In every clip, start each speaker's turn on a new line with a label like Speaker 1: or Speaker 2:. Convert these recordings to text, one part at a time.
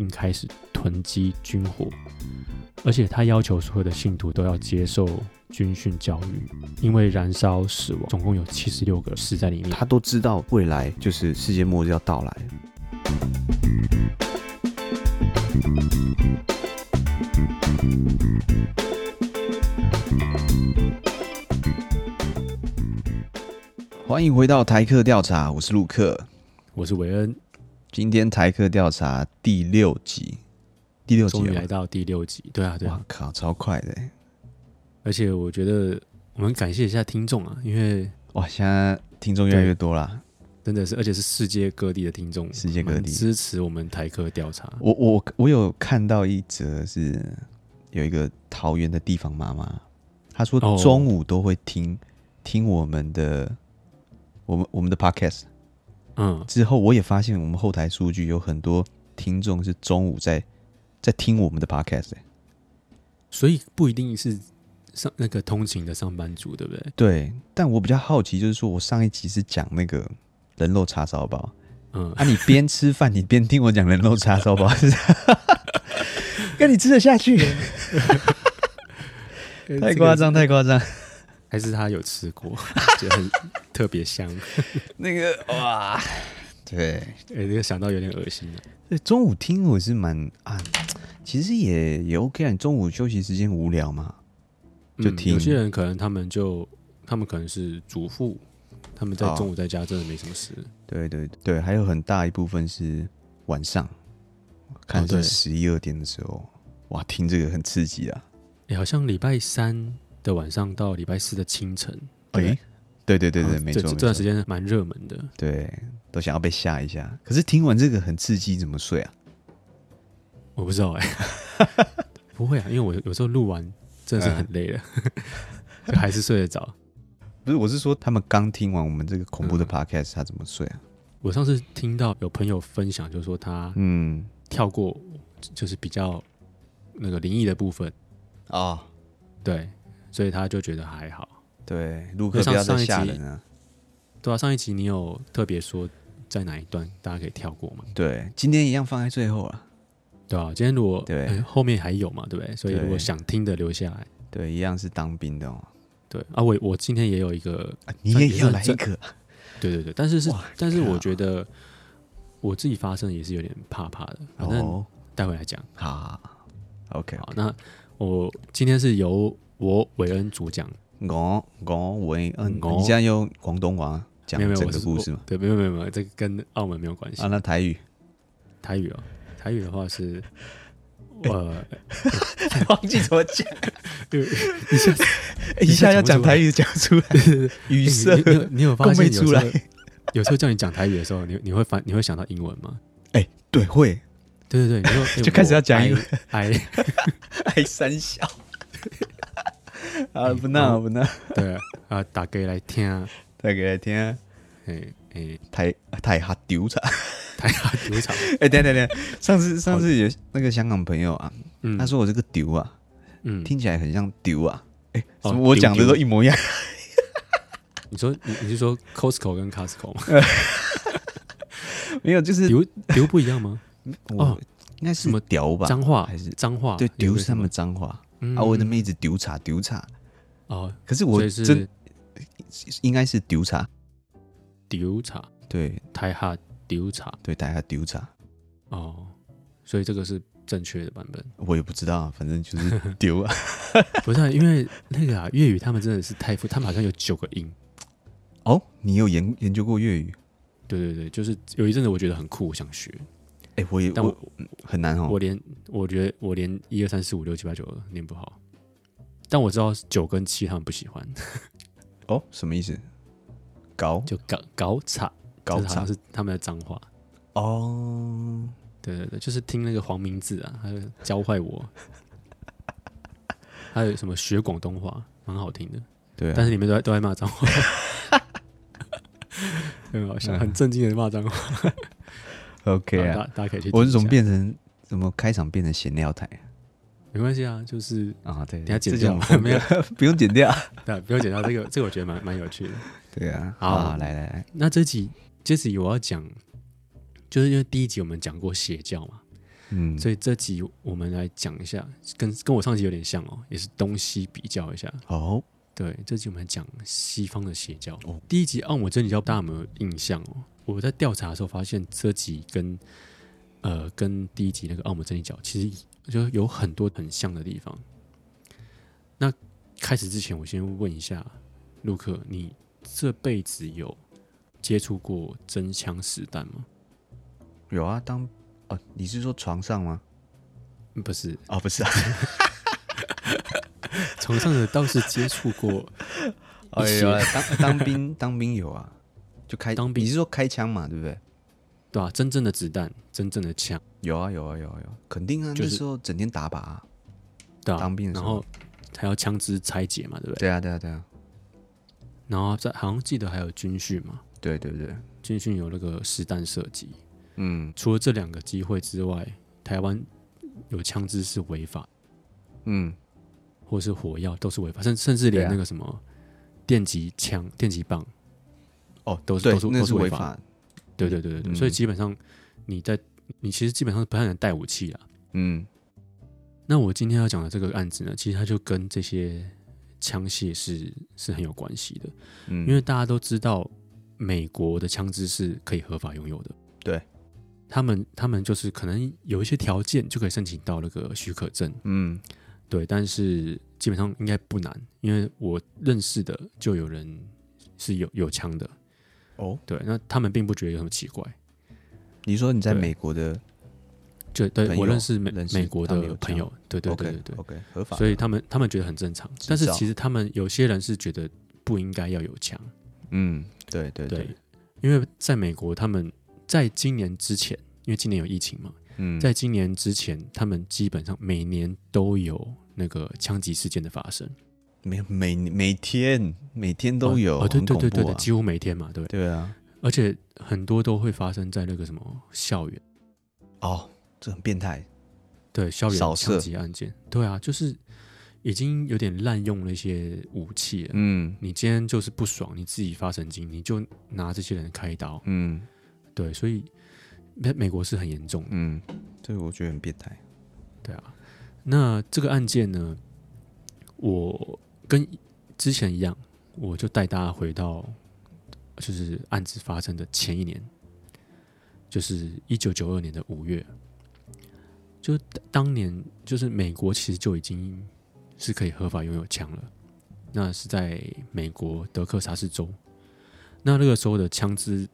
Speaker 1: 並開始囤積軍火，而且他要求所有的信徒都要接受軍訓教育，因為燃燒死亡，總共有七十六個死在裡面。他
Speaker 2: 都知道未來就是世界末日要到來。歡迎回到台客調查，我是陸克，我是韋恩。今天台客調查第六集，第六集終於來到第六集，對啊，對啊，哇靠，超快的！
Speaker 1: 而且我覺得我們感謝一下聽眾啊，
Speaker 2: 因為哇，現在聽眾越來越多啦，
Speaker 1: 真的是，而且是世界各地的聽眾，世界各地支持我們台客調查。我
Speaker 2: 我我有看到一則，是有一個桃園的地方媽媽，她說中午都會聽、哦、聽我們的，我們我們的 podcast。嗯，之後我也發現我們後台數據有很多聽眾是中午在在聽我們的 podcast 欸，所以不一定是
Speaker 1: 上那個通勤的上班族，對不對？
Speaker 2: 對，但我比較好奇，就是說我上一期是講那個人肉叉燒包，嗯，啊，你邊吃飯你邊聽我講人肉叉燒包，嗯、 跟你吃得下去？ 太誇張，
Speaker 1: 太誇張。還是他有吃過，就 很特別香。
Speaker 2: 那個哇，對，哎、欸，那個想到有點噁心了、啊。那中午聽我是蠻暗、啊，其實也也 OK 啊。你中午休息時間無聊嘛，就聽、嗯。有些
Speaker 1: 人可能他們就他們可能是主婦，他們在中午在家真的沒什麼事、
Speaker 2: 哦。對對對，還有很大一部分是晚上，看是十一二點的時候、哦，哇，聽這個很刺激啊。
Speaker 1: 哎、欸，好像禮拜三。的晚上到禮拜四的清晨，哎、
Speaker 2: 欸，對對對對，對，沒錯，這
Speaker 1: 段時間蠻熱
Speaker 2: 門的，對，都想要被嚇一下。可是聽完這個很刺激，怎麼睡啊？我不知道哎、欸， 不會啊，因為我有時候錄完真的是很累了，啊、 就還是睡得着。不是，我是說他們剛聽完我們這個恐怖的 podcast、嗯、他怎麼睡啊？
Speaker 1: 我上次聽到有朋友分享，就是、說他嗯跳過嗯就是比較那個靈異的部分啊、哦，對。所以他就覺得還好，對，路要下上上一集呢，對啊，上一集你有特別說在哪一段大家可以跳過嗎？對，今天一樣放在最後啊，對啊，今天如果對、欸、後面還有嘛，對不對？所以如果想聽的留下來，對，對一樣是當兵的哦，對啊，我我今天也有一個，啊、你也要來一個,、啊、有一個，對對對，但是是，但是我覺得我自己發聲也是有點怕怕的，反正、哦、待會來講，好,好 okay,，OK，好，那我今天是由。我韋恩主講，我我韋恩，我這樣用廣東話講我的故事嗎？對，沒有沒有沒有，這個跟澳門沒有關係。啊，那台語，台語哦，台語的話是，呃，欸欸、還還忘記怎麼講，對，一下一下要講台語講出來，語來、欸、色、欸你你，你有你有發現有出來？有時候叫你講台語的時候，你你會發你會想到英文嗎？哎、欸，對，會，對對對，就就開始要講英文。愛
Speaker 2: 愛三小。啊不鬧、啊、不鬧、啊！對啊，打給來聽、啊，打給來聽、啊。哎、欸、哎、太、欸、太下丟慘，太下丟慘。哎、欸、等等等，上次上次有那個香港朋友啊，嗯，他說我這個丟啊，嗯，聽起來很像丟啊。哎、欸，什麼我講的都一模一樣。
Speaker 1: 哦、 你說你你是說 Costco 跟 Costco
Speaker 2: 嗎？呃、沒有，就是丟丟不一樣嗎？哦，應該是什麼屌吧？髒話還是髒話？對，丟是他們髒話。啊，我的妹子丟叉丟叉，
Speaker 1: 哦，可是我是這
Speaker 2: 應該是丟叉丟叉，對，台下丟叉，對，台下丟叉，哦，所以
Speaker 1: 這個是正確的版本，
Speaker 2: 我也不知道，反正就是丟啊， 不是、啊，因為
Speaker 1: 那個啊，粵語他們真的是太富，他們好像有九個音，哦，你有研研究過粵語？對對對，就是有一陣子我覺得很酷，我想學。但我,我很難哦，我連我覺得我連一二三四五六七八九念不好，但我知道九跟七他們不喜歡哦，什麼意思？搞就搞搞慘搞慘、就是、是他們的髒話哦，對對對，就是聽那個黃明志啊，他就教壞我，還 有什麼學廣東話，蠻好聽的，對、啊，但是你們都在都在罵髒話，很 好笑、嗯，很正經的罵髒話。OK 啊，大，大家可以去。我是怎麼變
Speaker 2: 成怎麼開場變成閒聊台啊？
Speaker 1: 沒關係啊，就是啊，對，等下剪掉嗎？沒有，不用剪掉， 剪掉 對，不用剪掉。這個，這個我覺得蠻蠻有趣的。對啊，好，好好來來來，那這集 Jesse 我要講，就是因為第一集我們講過邪教嘛，嗯，所以這集我們來講一下，跟跟我上集有點像哦，也是東西比較一下。哦，對，這集我們來講西方的邪教。哦、第一集奧姆、啊、真理教，大家有沒有印象哦？我在調查的時候發現，這集跟呃跟第一集那個《奧姆真理教》其實就有很多很像的地方。那開始之前，我先問一下陸克，你這輩子有接觸過真槍實彈嗎？有啊，當哦，你是說床上嗎？嗯、不是哦，不是啊， 床上的倒
Speaker 2: 是接觸過。哦。哎呀、啊，當當兵， 當兵有啊。就開當兵，你是說開槍嘛？對不對？對啊，真正的子彈，真正的槍，有啊有啊有啊，有啊有啊有啊。肯定啊，就是說整天打靶啊，對啊，當兵的時候然後還要槍支拆解嘛？對不對？對啊對啊對啊。
Speaker 1: 然後在好像記得還有軍訓嘛？對對對，軍訓有那個實彈射擊。嗯，除了這兩個機會之外，台灣有槍支是違法。
Speaker 3: 嗯，
Speaker 1: 或是火藥都是違法，甚甚至連那個什麼電擊槍、電擊棒。哦，都是都是都是違法，對對對對，嗯，所以基本上你在你其實基本上不太能帶武器了。嗯，那我今天要講的這個案子呢，其實它就跟這些槍械是是很有關係的。嗯，因為大家都知道，美國的槍支是可以合法擁有的。對，嗯，他們他們就是可能有一些條件就可以申請到那個許可證。嗯，對，但是基本上應該不難，因為我認識的就有人是有有槍的。哦、oh，對，那他們並不覺得有什麼奇怪。你說你在美國的，就對，我認識美認識美國的朋友，對對對對，對 o、okay, okay, 合法，所以他們他們覺得很正常，嗯。但是其實他們有些人是覺得不應該要有槍。嗯，對對對，對因為在美國，他們在今年之前，因為今年有疫情嘛，嗯，在今年之前，他們基本上每年都有那個槍擊事件的發生。
Speaker 2: 每每每天每天都有啊、哦哦，對對對對對、啊，幾乎每天嘛，對對啊，
Speaker 1: 而且很多都會發生在那個什麼校園哦，這很變態，對，校園槍擊案件，對啊，就是已經有點濫用了一些武器，嗯，你今天就是不爽，你自己發神經，你就拿這些人開刀，嗯，對，所以美美國是很嚴重，嗯，這個我覺得很變態，對啊，那這個案件呢，我。跟之前一樣，我就帶大家回到，就是案子發生的前一年，就是一九九二年的五月，就當年就是美國其實就已經是可以合法擁有槍了。那是在美國德克薩斯州，那那個時候的槍支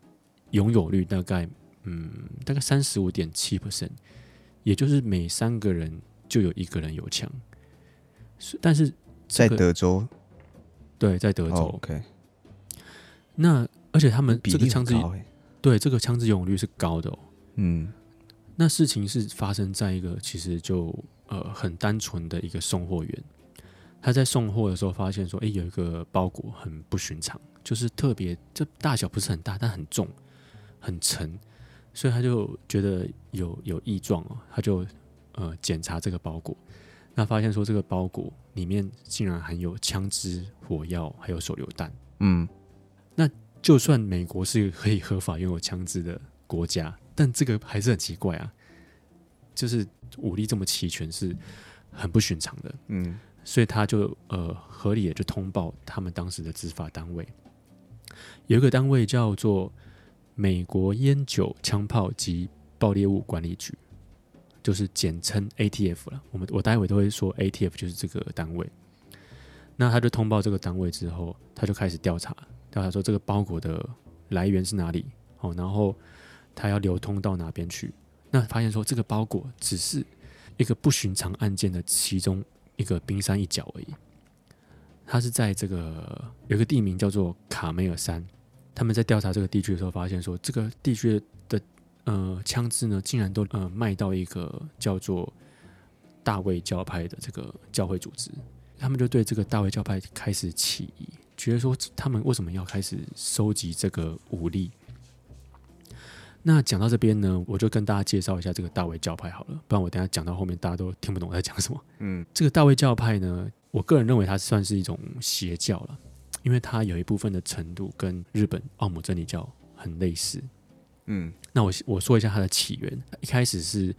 Speaker 1: 擁有率大概嗯大概三十五點七 percent，也就是每三個人就有一個人有槍，但是。在德州，這個，對，在德州。Oh, OK 那。那而且他們這個槍支、比例很高欸，對，這個槍支擁有率是高的哦。嗯。那事情是發生在一個其實就呃很單純的一個送貨員，他在送貨的時候發現說，哎、欸，有一個包裹很不尋常，就是特別這大小不是很大，但很重，很沉，所以他就覺得有有異狀哦，他就呃檢查這個包裹。那發現說，這個包裹裡面竟然含有槍支、火藥，還有手榴彈。嗯，那就算美國是可以合法擁有槍支的國家，但這個還是很奇怪啊。就是武力這麼齊全，是很不尋常的。嗯，所以他就呃合理的就通報他們當時的執法單位，有一個單位叫做美國菸酒槍炮及爆裂物管理局。就是簡稱 ATF 了，我們我待會都會說 ATF 就是這個單位。那他就通報這個單位之後，他就開始調查，調查說，這個包裹的來源是哪裡，哦，然後他要流通到哪邊去。那發現說，這個包裹只是一個不尋常案件的其中一個冰山一角而已。他是在這個有個地名叫做卡梅爾山，他們在調查這個地區的時候，發現說，這個地區的。呃，槍支呢，竟然都呃賣到一個叫做大衛教派的這個教會組織，他們就對這個大衛教派開始起疑，覺得說他們為什麼要開始收集這個武力？那講到這邊呢，我就跟大家介紹一下這個大衛教派好了，不然我等一下講到後面大家都聽不懂我在講什麼。嗯，這個大衛教派呢，我個人認為它算是一種邪教了，因為它有一部分的程度跟日本奧姆真理教很類似。嗯。那我我說一下它的起源。一開始是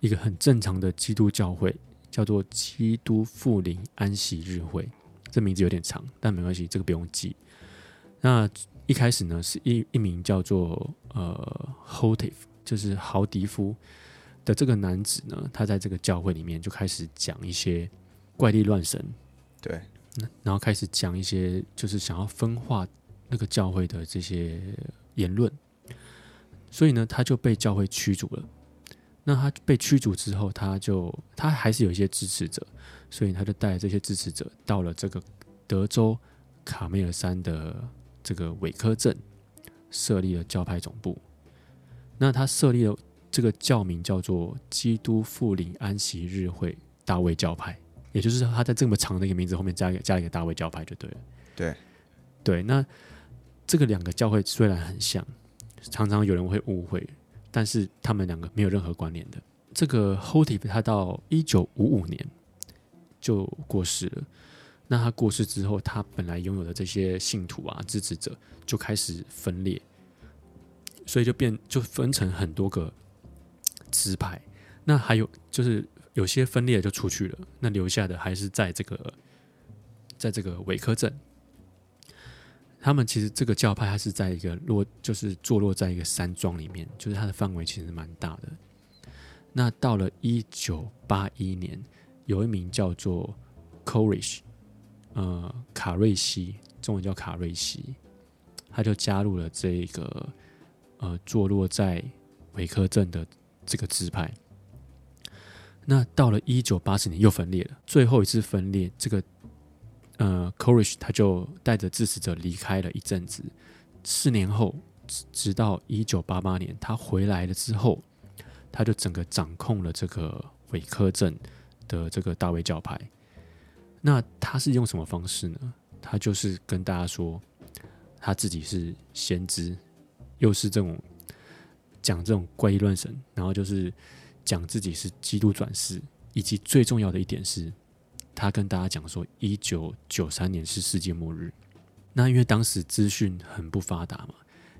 Speaker 1: 一個很正常的基督教會，叫做“基督復臨安息日會”。這名字有點長，但沒關係，這個不用記。那一開始呢，是一一名叫做呃 Hultif 就是豪迪夫的這個男子呢，他在這個教會裡面就開始講一些怪力亂神，對，然後開始講一些就是想要分化那個教會的這些言論。所以呢，他就被教會驅逐了。那他被驅逐之後，他就他還是有一些支持者，所以他就帶這些支持者到了這個德州卡梅爾山的這個韋科鎮，設立了教派總部。那他設立的這個教名叫做“基督復臨安息日會大衛教派”，也就是說，他在這麼長的一個名字後面加一個加一個“一個大衛教派”就對了。對對，那這個兩個教會雖然很像。常常有人會誤會，但是他們兩個沒有任何關聯的。這個 Houteff 他到一九五五年就過世了。那他過世之後，他本來擁有的這些信徒啊、支持者就開始分裂，所以就變就分成很多個支派。那還有就是有些分裂就出去了，那留下的還是在這個，在這個韋科鎮。他們其實這個教派，它是在一個落，就是坐落在一個山莊裡面，就是它的範圍其實蠻大的。那到了一九八一年，有一名叫做 Korish，呃，卡瑞西，中文叫卡瑞西，他就加入了這個，呃，坐落在韋科鎮的這個支派。那到了一九八四年又分裂了，最後一次分裂，這個。呃，科瑞什他就帶着支持者離開了一陣子。四年後，直直到一九八八年，他回來了之後，他就整個掌控了這個韋科鎮的這個大衛教派。那他是用什麼方式呢？他就是跟大家說，他自己是先知，又是這種講這種怪異亂神，然後就是講自己是基督轉世，以及最重要的一點是。他跟大家講說，一九九三年是世界末日。那因為當時資訊很不發達嘛，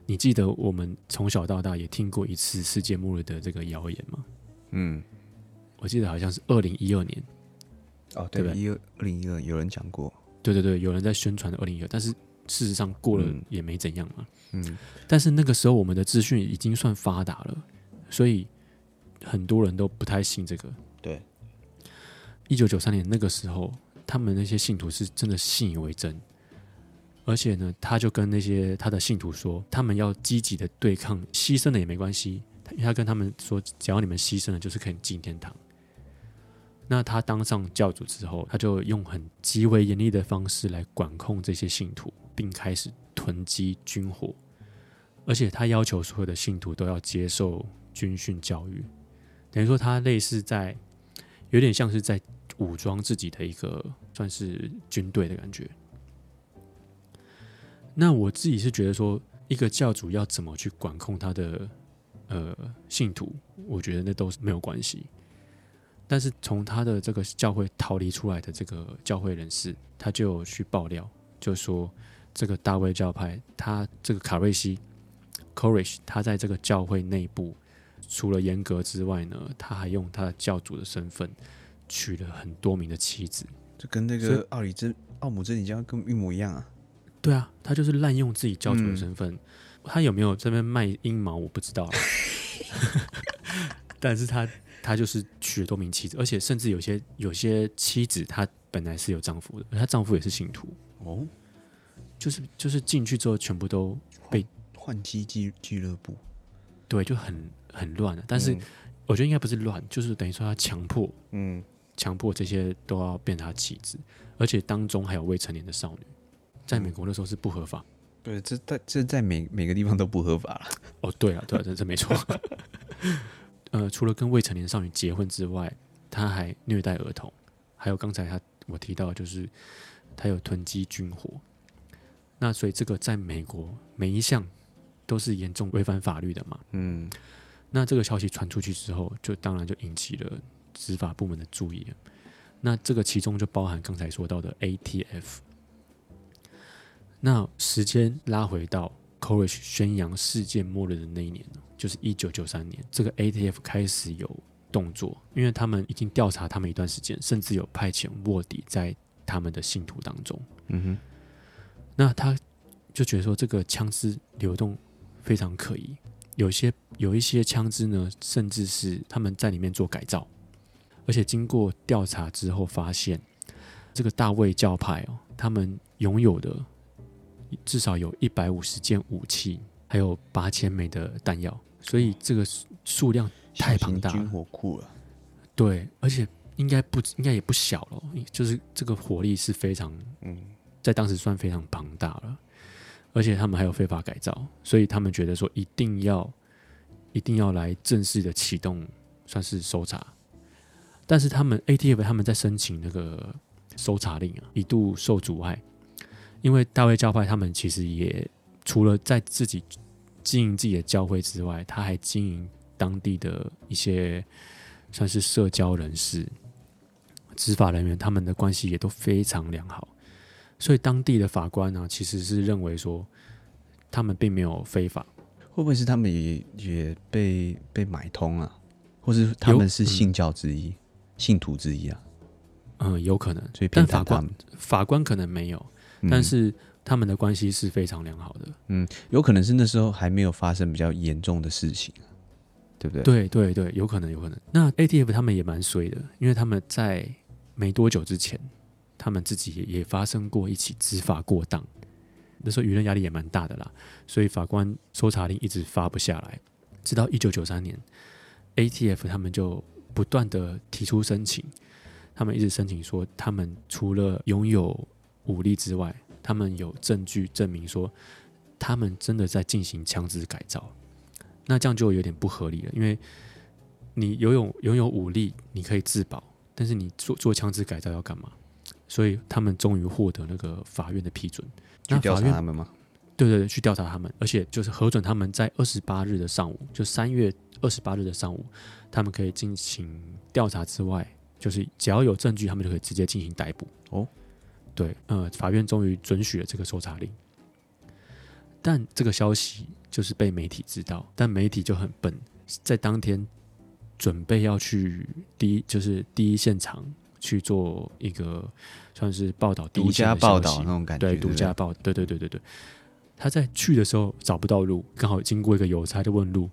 Speaker 1: 你記得我們從小到大也聽過一次世界末日的這個謠言嗎？嗯，我記得好像是二零一二年。哦，對，對吧？二零一二有人講過，對對對，有人在宣傳二零一二，但是事實上過了也沒怎樣嘛。嗯，嗯但是那個時候我們的資訊已經算發達了，所以很多人都不太信這個。對。一九九三年那個時候，他們那些信徒是真的信以為真，而且呢，他就跟那些他的信徒說，他們要積極的對抗，犧牲了也沒關係，因為他跟他們說，只要你們犧牲了，就是可以進天堂。那他當上教主之後，他就用很極為嚴厲的方式來管控這些信徒，並開始囤積軍火，而且他要求所有的信徒都要接受軍訓教育，等於說他類似在，有點像是在。武裝自己的一個算是軍隊的感覺。那我自己是覺得說，一個教主要怎麼去管控他的呃信徒，我覺得那都是沒有關係。但是從他的這個教會逃離出來的這個教會人士，他就有去爆料，就說這個大衛教派，他這個卡瑞西 courage，他在這個教會內部，除了嚴格之外呢，他還用他的教主的身份。娶了很多名的妻子，就跟那個奧里茲奧姆真理家跟一模一樣啊。對啊，他就是濫用自己教主的身份。他有沒有這邊賣陰毛？我不知道。 但是他他就是娶了多名妻子，而且甚至有些有些妻子她本來是有丈夫的，而她丈夫也是信徒。哦、就是，就是就是進去之後全部都被換妻俱俱樂部。對，就很很亂了。但是我覺得應該不是亂，就是等於說他強迫。嗯。強迫這些都要變他妻子，而且當中還有未成年的少女，在美國的時候是不合法。
Speaker 2: 對、嗯，這在這在每每個地方都不合法
Speaker 1: 了。哦，對啊，對啊，真是沒錯。 呃，除了跟未成年的少女結婚之外，他還虐待兒童，還有剛才他我提到，就是他有囤積軍火。那所以這個在美國每一項都是嚴重違反法律的嘛。嗯。那這個消息傳出去之後，就當然就引起了。執法部門的注意，那這個其中就包含剛才說到的 ATF。那時間拉回到 Koresh 宣揚世界末日的那一年，就是一九九三年，這個 ATF 開始有動作，因為他們已經調查他們一段時間，甚至有派遣臥底在他們的信徒當中。嗯哼，那他就覺得說這個槍支流動非常可疑，有些有一些槍支呢，甚至是他們在裡面做改造。而且經過調查之後，發現這個大衛教派哦，他們擁有的至少有一百五十件武器，還有八千枚的彈藥，所以這個數量太龐大，軍火庫了。對，而且應該不應該也不小了，就是這個火力是非常嗯，在當時算非常龐大了。而且他們還有非法改造，所以他們覺得說一定要一定要來正式的啟動，算是搜查。但是他們 ATF 他們在申請那個搜查令啊，一度受阻礙，因為大衛教派他們其實也除了在自己經營自己的教會之外，他還經營當地的一些算是社交人士、執法人員，他們的關係也都非常良好，所以當地的法官呢、啊、其實是認為說他們並沒有非法，
Speaker 2: 會不會是他們也也被被買通了、啊，或是他們是信教之一？信徒之一啊，嗯，有可能，所以，但法官法官可能沒有、
Speaker 1: 嗯，但是他們的關係是非常良好的，
Speaker 2: 嗯，有可能是那時候還沒有發生比較嚴重的事情，對不對？
Speaker 1: 對對對，有可能，有可能。那 ATF 他們也蠻衰的，因為他們在沒多久之前，他們自己也發生過一起執法過當，那時候輿論壓力也蠻大的啦，所以法官搜查令一直發不下來，直到一九九三年，ATF 他們就。不斷地提出申請，他們一直申請說，他們除了擁有武力之外，他們有證據證明說，他們真的在進行槍支改造。那這樣就有點不合理了，因為你擁有擁有武力，你可以自保，但是你做做槍支改造要幹嘛？所以他們終於獲得那個法院的批准，去調查他們嗎？對，對對，去調查他們，而且就是核准他們在二十八日的上午，就三月。二十八日的上午，他們可以進行調查之外，就是只要有證據，他們就可以直接進行逮捕。哦，對，呃，法院終於准許了這個搜查令，但這個消息就是被媒體知道，但媒體就很笨，在當天準備要去第一，就是第一現場去做一個算是報道，獨家報道，對，獨家報，對，對對對對對，他在去的時候找不到路，剛好經過一個郵差，的問路。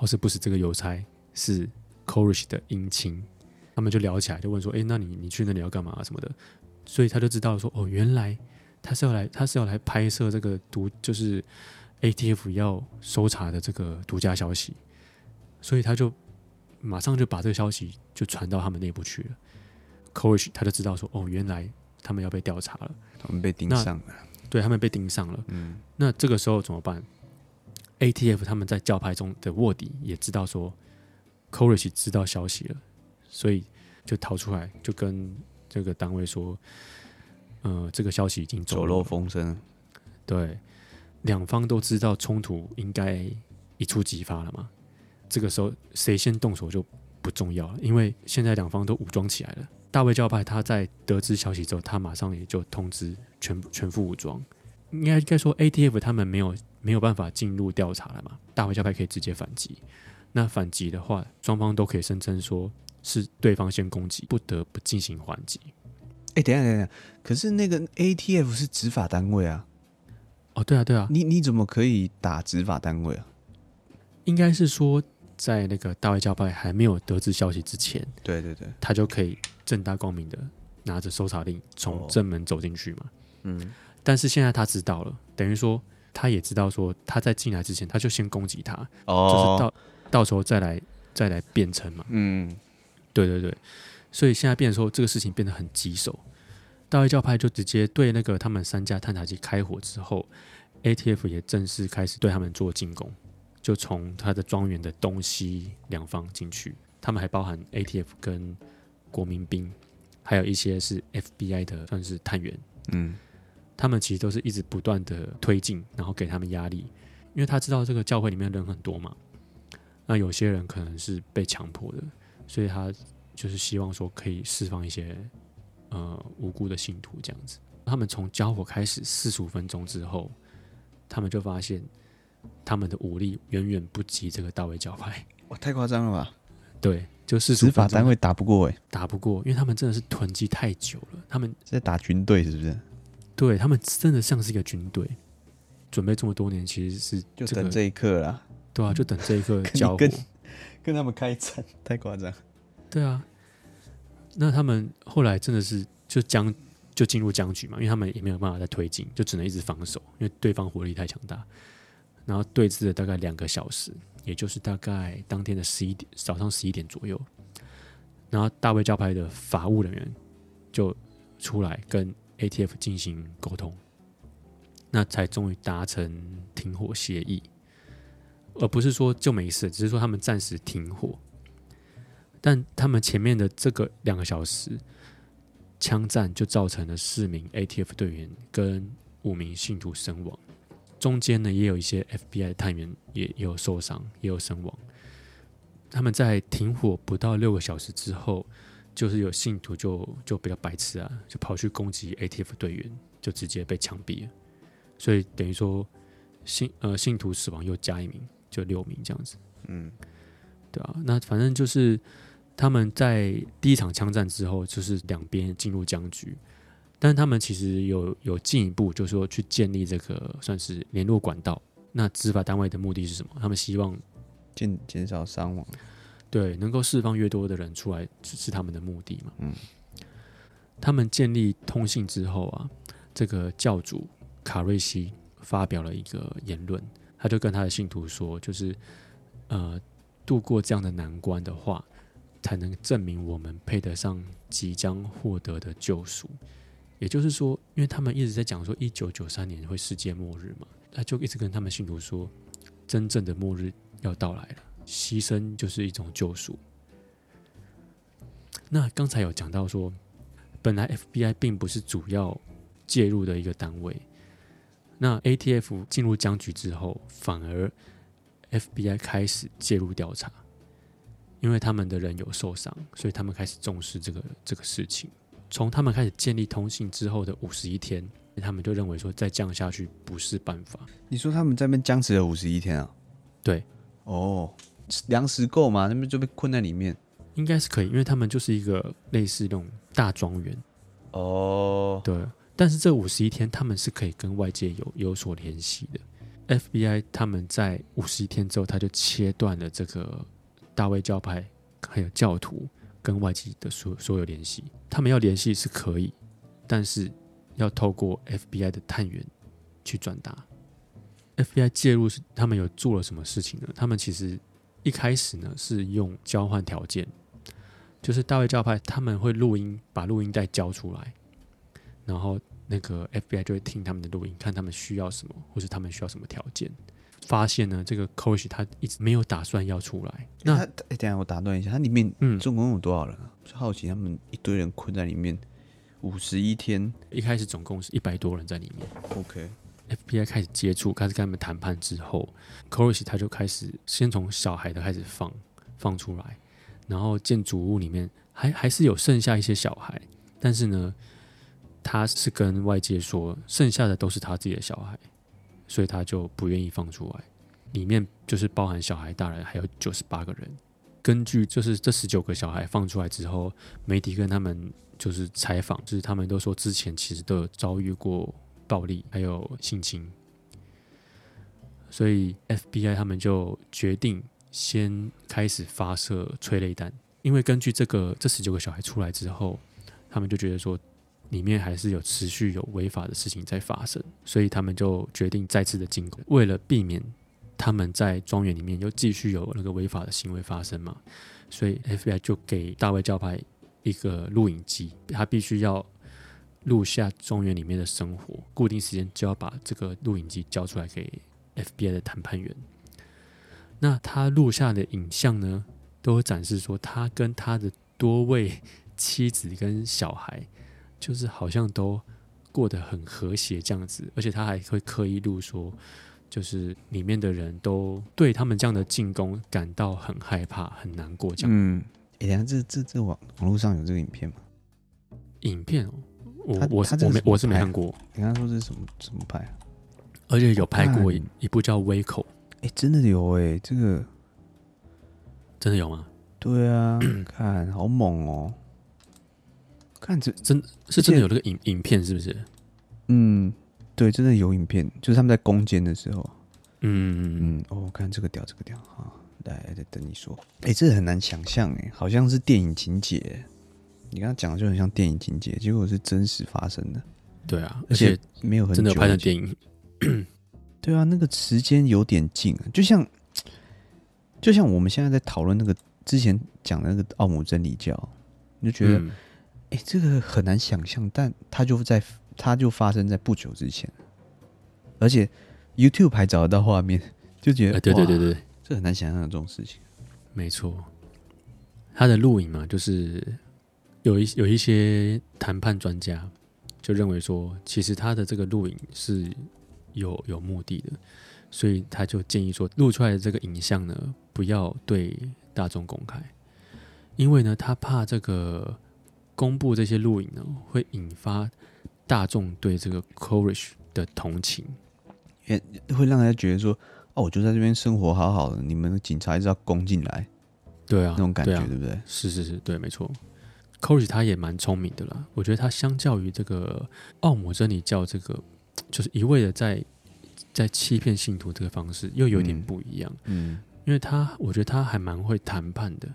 Speaker 1: 好，是不是這個郵差是 Koresh 的姻親？他們就聊起來，就問說：“哎，那你你去那裡要幹嘛、啊、什麼的？”所以他就知道說：“哦，原來他是要來，他是要來拍攝這個獨，就是 ATF 要搜查的這個獨家消息。”所以他就馬上就把這個消息就傳到他們內部去了。Koresh 他就知道說：“哦，原來他們要被調查了，他們被盯上了，對他們被盯上了。”嗯，那這個時候怎麼辦？A.T.F. 他們在教派中的臥底也知道說 Koresh 知道消息了，所以就逃出來，就跟這個單位說：“嗯，這個消息已經走漏風聲。”對，兩方都知道衝突應該一觸即發了嘛。這個時候誰先動手就不重要了，因為現在兩方都武裝起來了。大衛教派他在得知消息之後，他馬上也就通知全全副武裝。應該應該說 A.T.F. 他們沒有。沒有辦法進入調查了嘛？大衛教派可以直接反擊。那反擊的話，雙方都可以聲稱說
Speaker 2: 是對方先攻擊，不得不進行還擊。哎，等一下等一下，可是那個 ATF 是執法單位啊。哦，對啊對啊，你你怎麼可以打執法單
Speaker 1: 位啊？應該是說，在那個大衛教派還沒有得知消息之前，對對對，他就可以正大光明的拿着搜查令從正門走進去嘛。哦。嗯，但是現在他知道了，等於說。他也知道說他在進來之前，他就先攻擊他，oh. 就是到到時候再來再來辯稱嘛。嗯、mm.，對對對，所以現在變成說這個事情變得很棘手。大衛教派就直接對那個他們三家探查機開火之後，ATF 也正式開始對他們做進攻，就從他的莊園的東西兩方進去。他們還包含 ATF 跟國民兵，還有一些是 FBI 的，算是探員。嗯、mm.。他們其實都是一直不斷的推進，然後給他們壓力，因為他知道這個教會裡面人很多嘛。那有些人可能是被強迫的，所以他就是希望說可以釋放一些呃無辜的信徒這樣子。他們從交火開始四十五分鐘之後，他們就發現他們的武力遠遠不及這個大衛教派。哇，太誇張了吧？
Speaker 2: 對，就四十五。司法單位打不過哎、欸，
Speaker 1: 打不過，因為他們真的是囤積太久了。他們
Speaker 2: 在打軍隊是不是？
Speaker 1: 對，他們真的像是一個軍隊，準備這麼多年，其實是、這個、就等這一刻了。對啊，就等這一刻交火
Speaker 2: 跟、跟、跟他們開戰太誇張！
Speaker 1: 對啊，那他們後來真的是就僵，就進入僵局嘛，因為他們也沒有辦法再推進，就只能一直防守，因為對方火力太強大。然後對峙了大概兩個小時，也就是大概當天的十一點，早上十一點左右。然後大衛教派的法務人員就出來跟 ATF 進行溝通，那才終於達成停火協議，而不是說就沒事，只是說他們暫時停火。但他們前面的這個兩個小時槍戰就造成了四名 ATF 隊員跟五名信徒身亡，中間呢也有一些 FBI 探員也，也有受傷，也有身亡。他們在停火不到六個小時之後。就是有信徒就就比較白痴啊，就跑去攻擊 ATF 隊員，就直接被槍斃了。所以等於說，信呃信徒死亡又加一名，就六名這樣子。嗯，對啊。那反正就是他們在第一場槍戰之後，就是兩邊進入僵局。但是他們其實有有進一步，就是說去建立這個算是聯絡管道。那執法單位的目的是什麼？他們希望減，減少傷亡。對，能夠釋放越多的人出來，是他們的目的嘛。嗯，他們建立通信之後啊，這個教主卡瑞西發表了一個言論，他就跟他的信徒說，就是呃，度過這樣的難關的話，才能證明我們配得上即將獲得的救贖。也就是說，因為他們一直在講說一九九三年會世界末日嘛，他就一直跟他們信徒說，真正的末日要到來了。犧牲就是一種救贖。那剛才有講到說，本來 FBI 並不是主要介入的一個單位，那 ATF 進入僵局之後，反而 FBI 開始介入調查，因為他們的人有受傷，所以他們開始重視這個這個事情。從他們開始建立通信之後的五十一天，
Speaker 2: 他們就認為說再僵下去不是辦法。你說他們在那邊僵持了五十一天啊？對，哦。糧食夠嗎？那麼就被困在裡面，應該是可以，因
Speaker 1: 為他們就是一個類似那種大莊園。哦，對，但是這五十一天他們是可以跟外界有有所聯繫的。FBI 他們在五十一天之後，他就切斷了這個大衛教派還有教徒跟外界的所有所有聯繫。他們要聯繫是可以，但是要透過 FBI 的探員去轉達。FBI 介入是他們有做了什麼事情呢？他們其實。一開始呢是用交換條件，就是大衛教派他們會錄音，把錄音帶交出來，然後那個 FBI 就會聽他們的錄音，看他們需要什麼，或是他們需要什麼條件。發現呢，這
Speaker 2: 個 Koresh 他一直沒有打算要出來。那、欸、等下我打斷一下，他裡面嗯總共有多少人啊？嗯、好奇他們一堆人困在裡面五十一天，一開始總共是
Speaker 1: 一百多人在裡面。OK。FBI 開始接觸，開始跟他們談判之後，Koresh 他就開始先從小孩的開始放放出來，然後建築物裡面還還是有剩下一些小孩，但是呢，他是跟外界說剩下的都是他自己的小孩，所以他就不願意放出來。裡面就是包含小孩、大人，還有九十八個人。根據就是這十九個小孩放出來之後，媒體跟他們就是採訪，就是他們都說之前其實都有遭遇過。暴力還有性侵，所以 FBI 他們就決定先開始發射催淚彈，因為根據這個這十九個小孩出來之後，他們就覺得說裡面還是有持續有違法的事情在發生，所以他們就決定再次的進攻，為了避免他們在莊園裡面又繼續有那個違法的行為發生嘛，所以 FBI 就給大衛教派一個錄影機，他必須要。錄下莊園裡面的生活，固定時間就要把這個錄影機交出來給 FBI 的談判員。那他錄下的影像呢，都展示說他跟他的多位妻子跟小孩，就是好像都過得很和諧這樣子，而且他還會刻意錄說，就是裡面的人都對他們這樣的進攻感到很害怕、很難過這樣。嗯，
Speaker 2: 以、欸、前這這這網網絡上有這個影片嗎？影片我是我，我是沒看過，你剛說這是什麼什麼拍，啊、而且有拍過癮，一部叫 Waco，《微口》。哎，真的有哎、欸，這個真的有嗎？對啊， 看好猛哦，喔！看這真，是真的
Speaker 1: 有這個影影片是不是？嗯，
Speaker 2: 對，真的有影片，就是他們在攻堅的時候。嗯嗯嗯，哦，看這個屌，這個屌好，來，再等你說。哎、欸，這個，很難想象哎、欸，好像是電影情節，欸。你剛剛講的就很像電影情節，結果是真實發生的。對啊，而且，而且沒有很久的拍的電影。 對啊，那個時間有點近啊，就像就像我們現在在討論那個之前講的那個奧姆真理教，你就覺得哎，嗯，這個很難想象，但它就在它就發生在不久之前，而且 YouTube 還找得到畫面，就覺得對對對對，這很難想象的這種事情。沒錯，他的錄影嘛，就是。
Speaker 1: 有一有一些談判專家就認為說，其實他的這個錄影是有有目的的，所以他就建議說，錄出來的這個影像呢，不要對大眾公開，因為呢，他怕這個公布這些錄影呢，會引發大眾對這個
Speaker 2: Koresh 的同情，也會讓人家覺得說，哦，我就在這邊生活好好的，你們警察一直要攻進來，對啊，那種感覺對啊，對
Speaker 1: 不對？是是是，對，沒錯。Coach 他也蠻聰明的啦，我覺得他相較於這個奧姆真理教這個，就是一味的在在欺騙信徒這個方式，又有點不一樣。嗯，嗯，因為他我覺得他還蠻會談判的，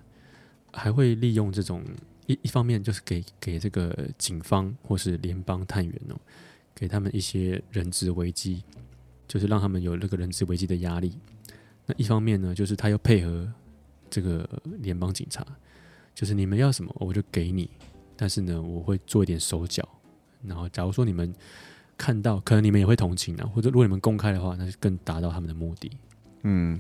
Speaker 1: 還會利用這種一一方面就是給給這個警方或是聯邦探員哦、喔，給他們一些人質危機，就是讓他們有那個人質危機的壓力。那一方面呢，就是他又配合這個聯邦警察。就是你們要什麼，我就給你。但是呢，我會做一點手腳。然後，假如說你們看到，可能你們也會同情啊，或者如果你們公開的話，那就更達到他們的目的。嗯，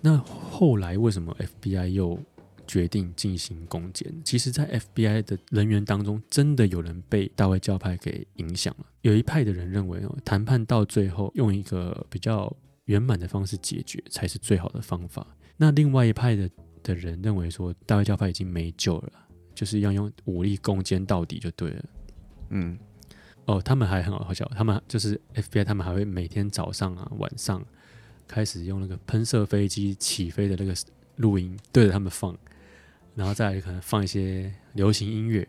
Speaker 1: 那後來為什麼 FBI 又決定進行攻堅？其實，在 FBI 的人員當中，真的有人被大衛教派給影響了。有一派的人認為哦，談判到最後用一個比較圓滿的方式解決，才是最好的方法。那另外一派的。的人認為說，大衛教派已經沒救了，就是要用武力攻堅到底就對了。嗯，哦，oh，他們還很好好笑，他們就是 FBI，他們還會每天早上啊晚上開始用那個噴射飛機起飛的那個錄音對着他們放，然後再可能放一些流行音樂，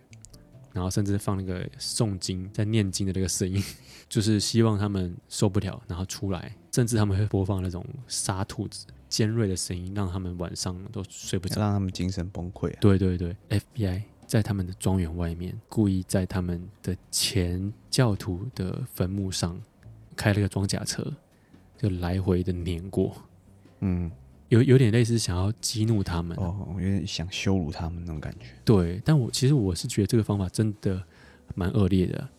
Speaker 1: 然後甚至放那個誦經在念經的那個聲音，就是希望他們受不了，然後出來。甚至他們會播放那種殺兔子。尖銳的聲音讓他們晚上都睡不着，讓他們精神崩潰。對對對，FBI 在他們的莊園外面故意在他們的前教徒的墳墓上開了個裝甲車，就來回的碾過。嗯，有有點類似想要激怒他們，哦，我有點想羞辱他們那種感覺。對，但我其實我是覺得這個方法真的蠻惡劣的，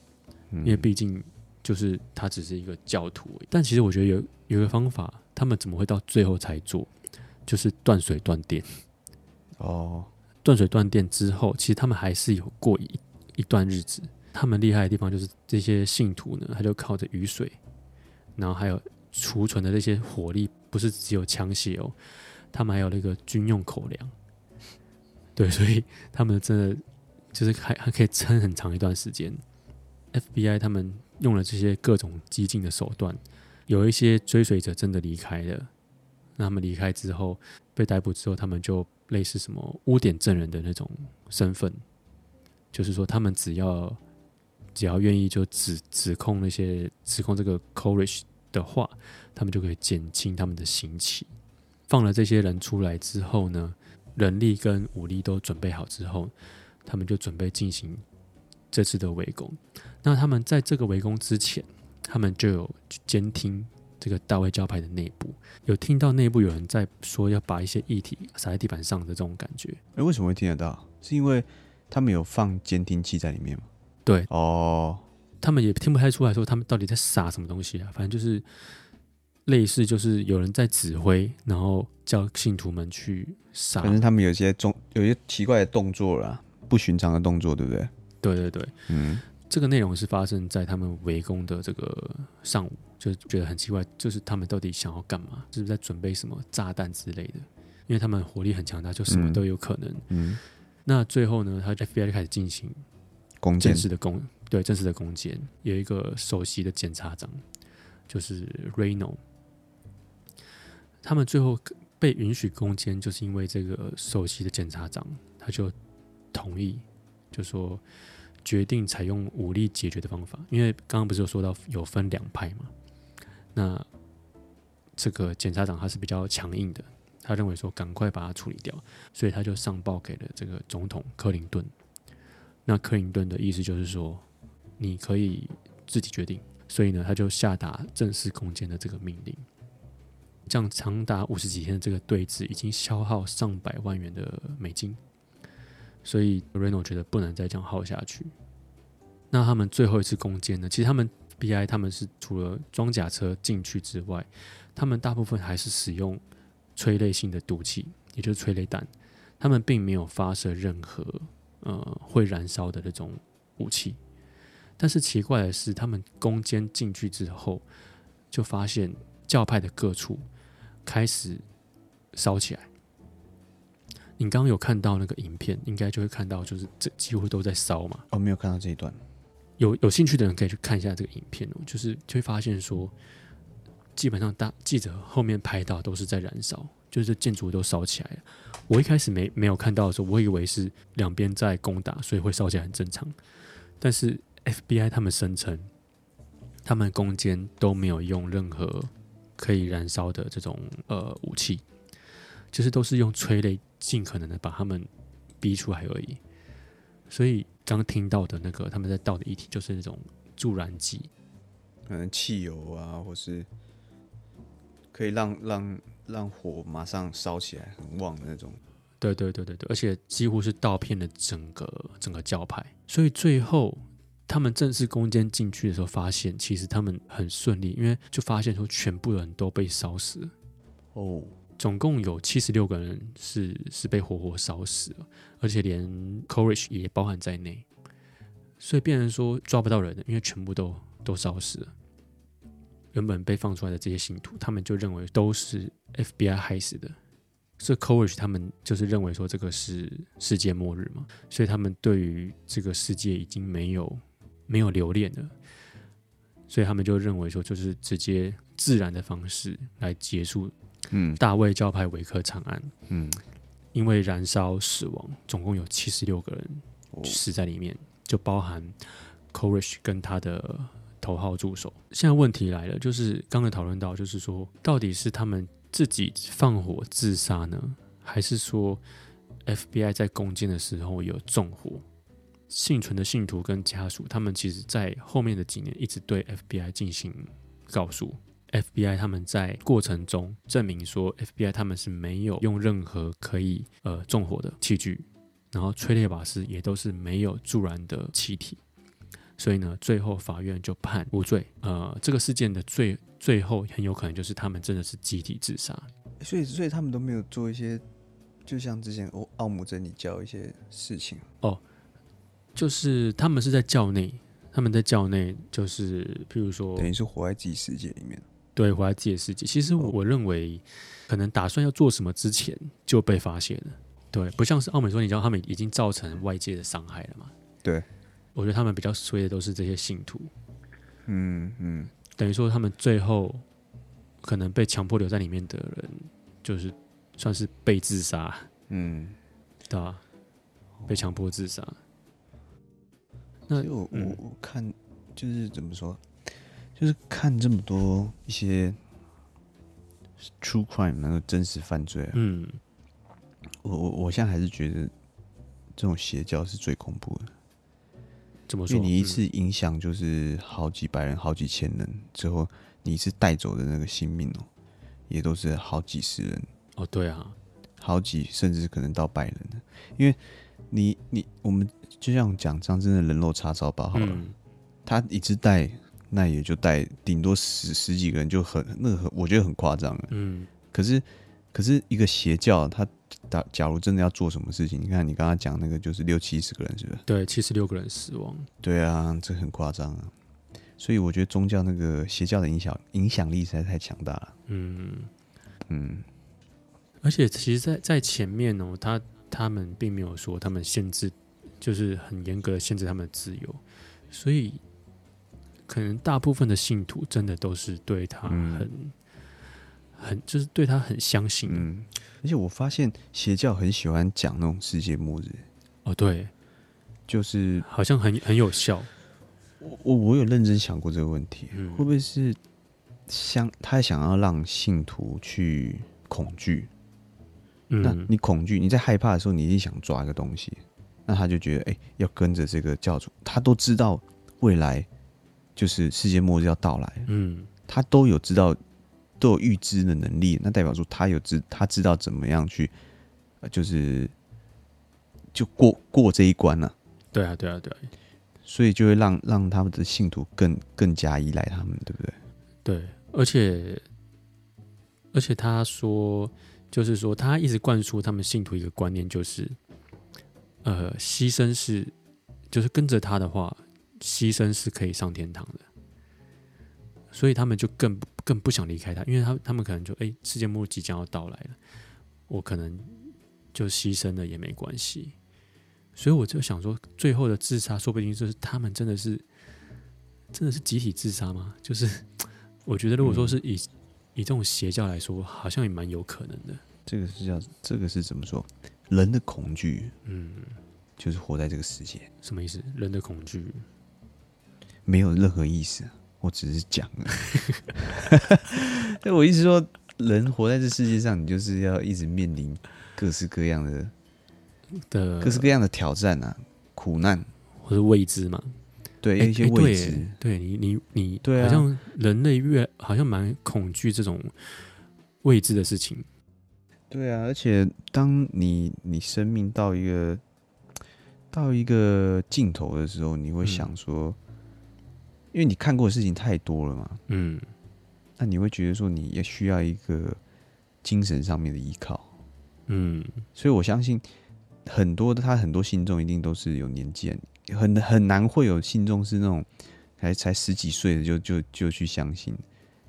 Speaker 1: 因為畢竟就是他只是一個教徒，但其實我覺得有有一個方法。他們怎麼會到最後才做？就是斷水斷電哦。Oh. 斷水斷電之後，其實他們還是有過一一段日子。他們厲害的地方就是這些信徒呢，他就靠着雨水，然後還有儲存的這些火力，不是只有槍械哦，他們還有那個軍用口糧。對，所以他們真的就是還還可以撐很長一段時間。FBI 他們用了這些各種激進的手段。有一些追隨者真的離開了，那他們離開之後被逮捕之後，他們就類似什麼污點證人的那種身份，就是說他們只要只要願意就指指控那些指控這個 Koresh 的話，他們就可以減輕他們的刑期。放了這些人出來之後呢，人力跟武力都準備好之後，他們就準備進行這次的圍攻。那他們在這個圍攻之前，他們就有監聽這個大衛教派的內部，有聽到內部有人在說要把一些液體灑在地板上的這種感覺。哎、欸，為什麼會聽得到？是因為他們有放監聽器在裡面嗎？對哦，他們也聽不太出來，說他們到底在撒什麼東西啊？反正就是類似，就是有人在指揮，
Speaker 2: 然後叫信徒們去撒。反正他們有些中有些奇怪的動作啦，不尋常的動作，對不對？
Speaker 1: 對對對，嗯。這個內容是發生在他們圍攻的這個上午，就是覺得很奇怪，就是他們到底想要幹嘛？是不是在準備什麼炸彈之類的？因為他們火力很強大，就什麼都有可能。嗯。嗯。那最後呢，他在 FBI 開始進行正式的攻，對，正式的攻堅。有一個首席的檢察長，就是 Reno。他們最後被允許攻堅，就是因為這個首席的檢察長他就同意，就說。決定採用武力解決的方法，因為剛剛不是有說到有分兩派嘛？那這個檢察長他是比較強硬的，他認為說趕快把它處理掉，所以他就上報給了這個總統克林頓。那克林頓的意思就是說，你可以自己決定，所以呢，他就下達正式攻堅的這個命令。這樣長達五十幾天的這個對峙，已經消耗上百萬元的美金。所以，Reno 覺得不能再這樣耗下去。那他們最後一次攻堅呢？其實他們 BI 他們是除了裝甲車進去之外，他們大部分還是使用催淚性的毒氣，也就是催淚彈。他們並沒有發射任何呃會燃燒的那種武器。但是奇怪的是，他們攻堅進去之後，就發現教派的各處開始燒起來。你剛剛有看到那個影片，應該就會看到，就是這幾乎都在燒嘛。哦，沒有看到這一段，有有興趣的人可以去看一下這個影片哦，就是就會發現說，基本上大記者後面拍到都是在燃燒，就是這建築都燒起來了。我一開始沒沒有看到的時候，我以為是兩邊在攻打，所以會燒起來很正常。但是 FBI 他們聲稱，他們攻堅都沒有用任何可以燃燒的這種呃武器。就是都是用催淚，盡可能的把他們逼出來而已。所以剛聽到的那個他們在倒的液體，就是那種助燃劑，
Speaker 2: 可能汽油啊，或是可以讓讓讓火馬上燒起來很旺的那種。
Speaker 1: 對對對對對，而且幾乎是倒片的整個整個教派。所以最後他們正式攻堅進去的時候，發現其實他們很順利，因為就發現說全部人都被燒死了。哦。總共有七十六個人是是被活活燒死了，而且連 Koresh 也包含在內，所以變成說抓不到人，因為全部都都燒死了。原本被放出來的這些信徒，他們就認為都是 FBI 害死的。所以 Koresh 他們就是認為說這個是世界末日嘛，所以他們對於這個世界已經沒有沒有留戀了，所以他們就認為說就是直接自然的方式來結束。嗯，大衛教派維克長安，嗯，因為燃燒死亡，總共有七十六個人死在裡面，哦、就包含 Koresh 跟他的頭號助手。現在問題來了，就是剛才討論到，就是說，到底是他們自己放火自殺呢，還是說 FBI 在攻堅的時候有縱火？幸存的信徒跟家屬，他們其實在後面的幾年一直對 FBI 進行告訴。FBI 他們在過程中證明說，FBI 他們是沒有用任何可以呃縱火的器具，然後催淚瓦斯也都是沒有助燃的氣體，所以呢，最後法院就判無罪。呃，這個事件的最最後很有可能就是他們真的是集體自殺，
Speaker 2: 所以所以他們都沒有做一些，就像之前奧奧姆真理教一些事情
Speaker 1: 哦，就是他們是在教內，他們在教內就是，譬如說，等於是活在自己世界裡面。對，活在自己的世界。其實我認為，可能打算要做什麼之前就被發現了。對，不像是奧姆說，你知道他們已經造成外界的傷害了嘛。對，我覺得他們比較衰的都是這些信徒。嗯嗯，等於說他們最後可能被強迫留在裡面的人，就是算是被自殺。嗯，對吧？被強迫
Speaker 2: 自殺。那我我我看就是怎麼說？就是看這麼多一些 true crime 那個真實犯罪、啊，嗯，我我我現在還是覺得這種邪教是最恐怖的。
Speaker 1: 怎麼說？因為你一次
Speaker 2: 影響就是好幾百人、好幾千人之後，你一次帶走的那個性命哦、喔，也都是好幾十人哦。對啊，好幾甚至可能到百人。因為你你我們就像講這樣，真的人肉叉燒包好了，嗯、他一直帶。那也就帶頂多十十幾個人就很那個很，我覺得很誇張了。嗯，可是，可是一個邪教，他打假如真的要做什麼事情，你看你剛剛講那個，就是六七十個人，是不是？對，七十六個人死亡。對啊，這很誇張啊！所以我覺得宗教那個邪教的影響影響力實在是太強大了。嗯嗯，
Speaker 1: 而且其實在，在在前面呢、喔，他他們並沒有說他們限制，就是很嚴格的限制他們的自由，所以。可能大部分的信徒真的都是對他很、嗯、很，就是對他很相
Speaker 2: 信。嗯，而且我發現邪教很喜歡講那種世界末日。哦，對，就是好像很很有效。我我，我有認真想過這個問題，嗯、會不會是想他想要讓信徒去恐懼？嗯，那你恐懼，你在害怕的時候，你一定想抓一個東西，那他就覺得哎、欸，要跟着這個教主。他都知道未來。就是世界末日要到來，嗯，他都有知道，都有預知的能力，那代表說他有知，他知道怎麼樣去，呃，就是就過過這一關了啊。對啊，對啊，對，所以就會讓讓他們的信徒更更加依賴他們，對不對？對，
Speaker 1: 而且而且他說，就是說他一直灌輸他們信徒一個觀念，就是，呃，犧牲是，就是跟着他的話。犧牲是可以上天堂的，所以他們就更更不想離開他，因為他他們可能就哎、欸，世界末日即將要到來了，我可能就犧牲了也沒關係。所以我就想說，最後的自殺，說不定就是他們真的是真的是集體自殺嗎？就是我覺得，如果說是以、嗯、以這種邪教來說，好像也蠻有可
Speaker 2: 能的。這個是叫這個是怎麼說？人的恐懼，嗯，就是活在這個世界，什麼意思？人的恐懼。沒有任何意思，我只是講。 我意思說，人活在這世界上，你就是要一直面臨各式各樣的的各式各樣的挑戰啊，苦難或者未知嘛。對，一些、欸欸、未知。
Speaker 1: 對，對你，你，你，好像人類越好像蠻恐懼這種未知的事情。
Speaker 2: 對啊，而且當你你生命到一個到一個盡頭的時候，你會想說。嗯因為你看過的事情太多了嘛，嗯，那你會覺得說你也需要一個精神上面的依靠，嗯，所以我相信很多他很多信眾一定都是有年紀，很很難會有信眾是那種還才，才十幾歲的就就就去相信，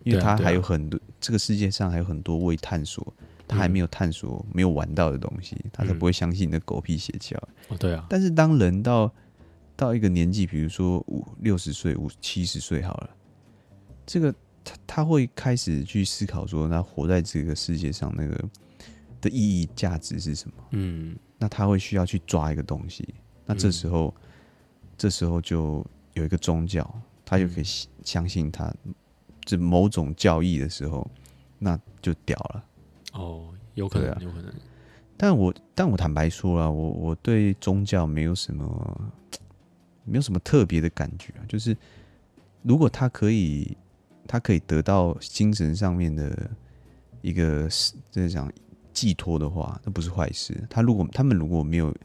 Speaker 2: 因為他還有很多，對啊對啊，這個世界上還有很多未探索，他還沒有探索沒有玩到的東西，他才不會相信你的狗屁邪教，對啊，但是當人到。到一個年紀，比如說五六十歲、五七十歲，好了，這個他他會開始去思考說，那活在這個世界上，那個的意義價值是什麼？嗯，那他會需要去抓一個東西。那這時候，嗯、這時候就有一個宗教，他就可以相信他這、嗯、某種教義的時候，那就屌了。
Speaker 1: 哦，有可能，啊、有可能。
Speaker 2: 但我但我坦白說啊，我我對宗教沒有什麼。沒有什麼特別的感覺啊，就是如果他可以，他可以得到精神上面的一個，就是講寄托的話，那不是壞事。他如果他們如果沒有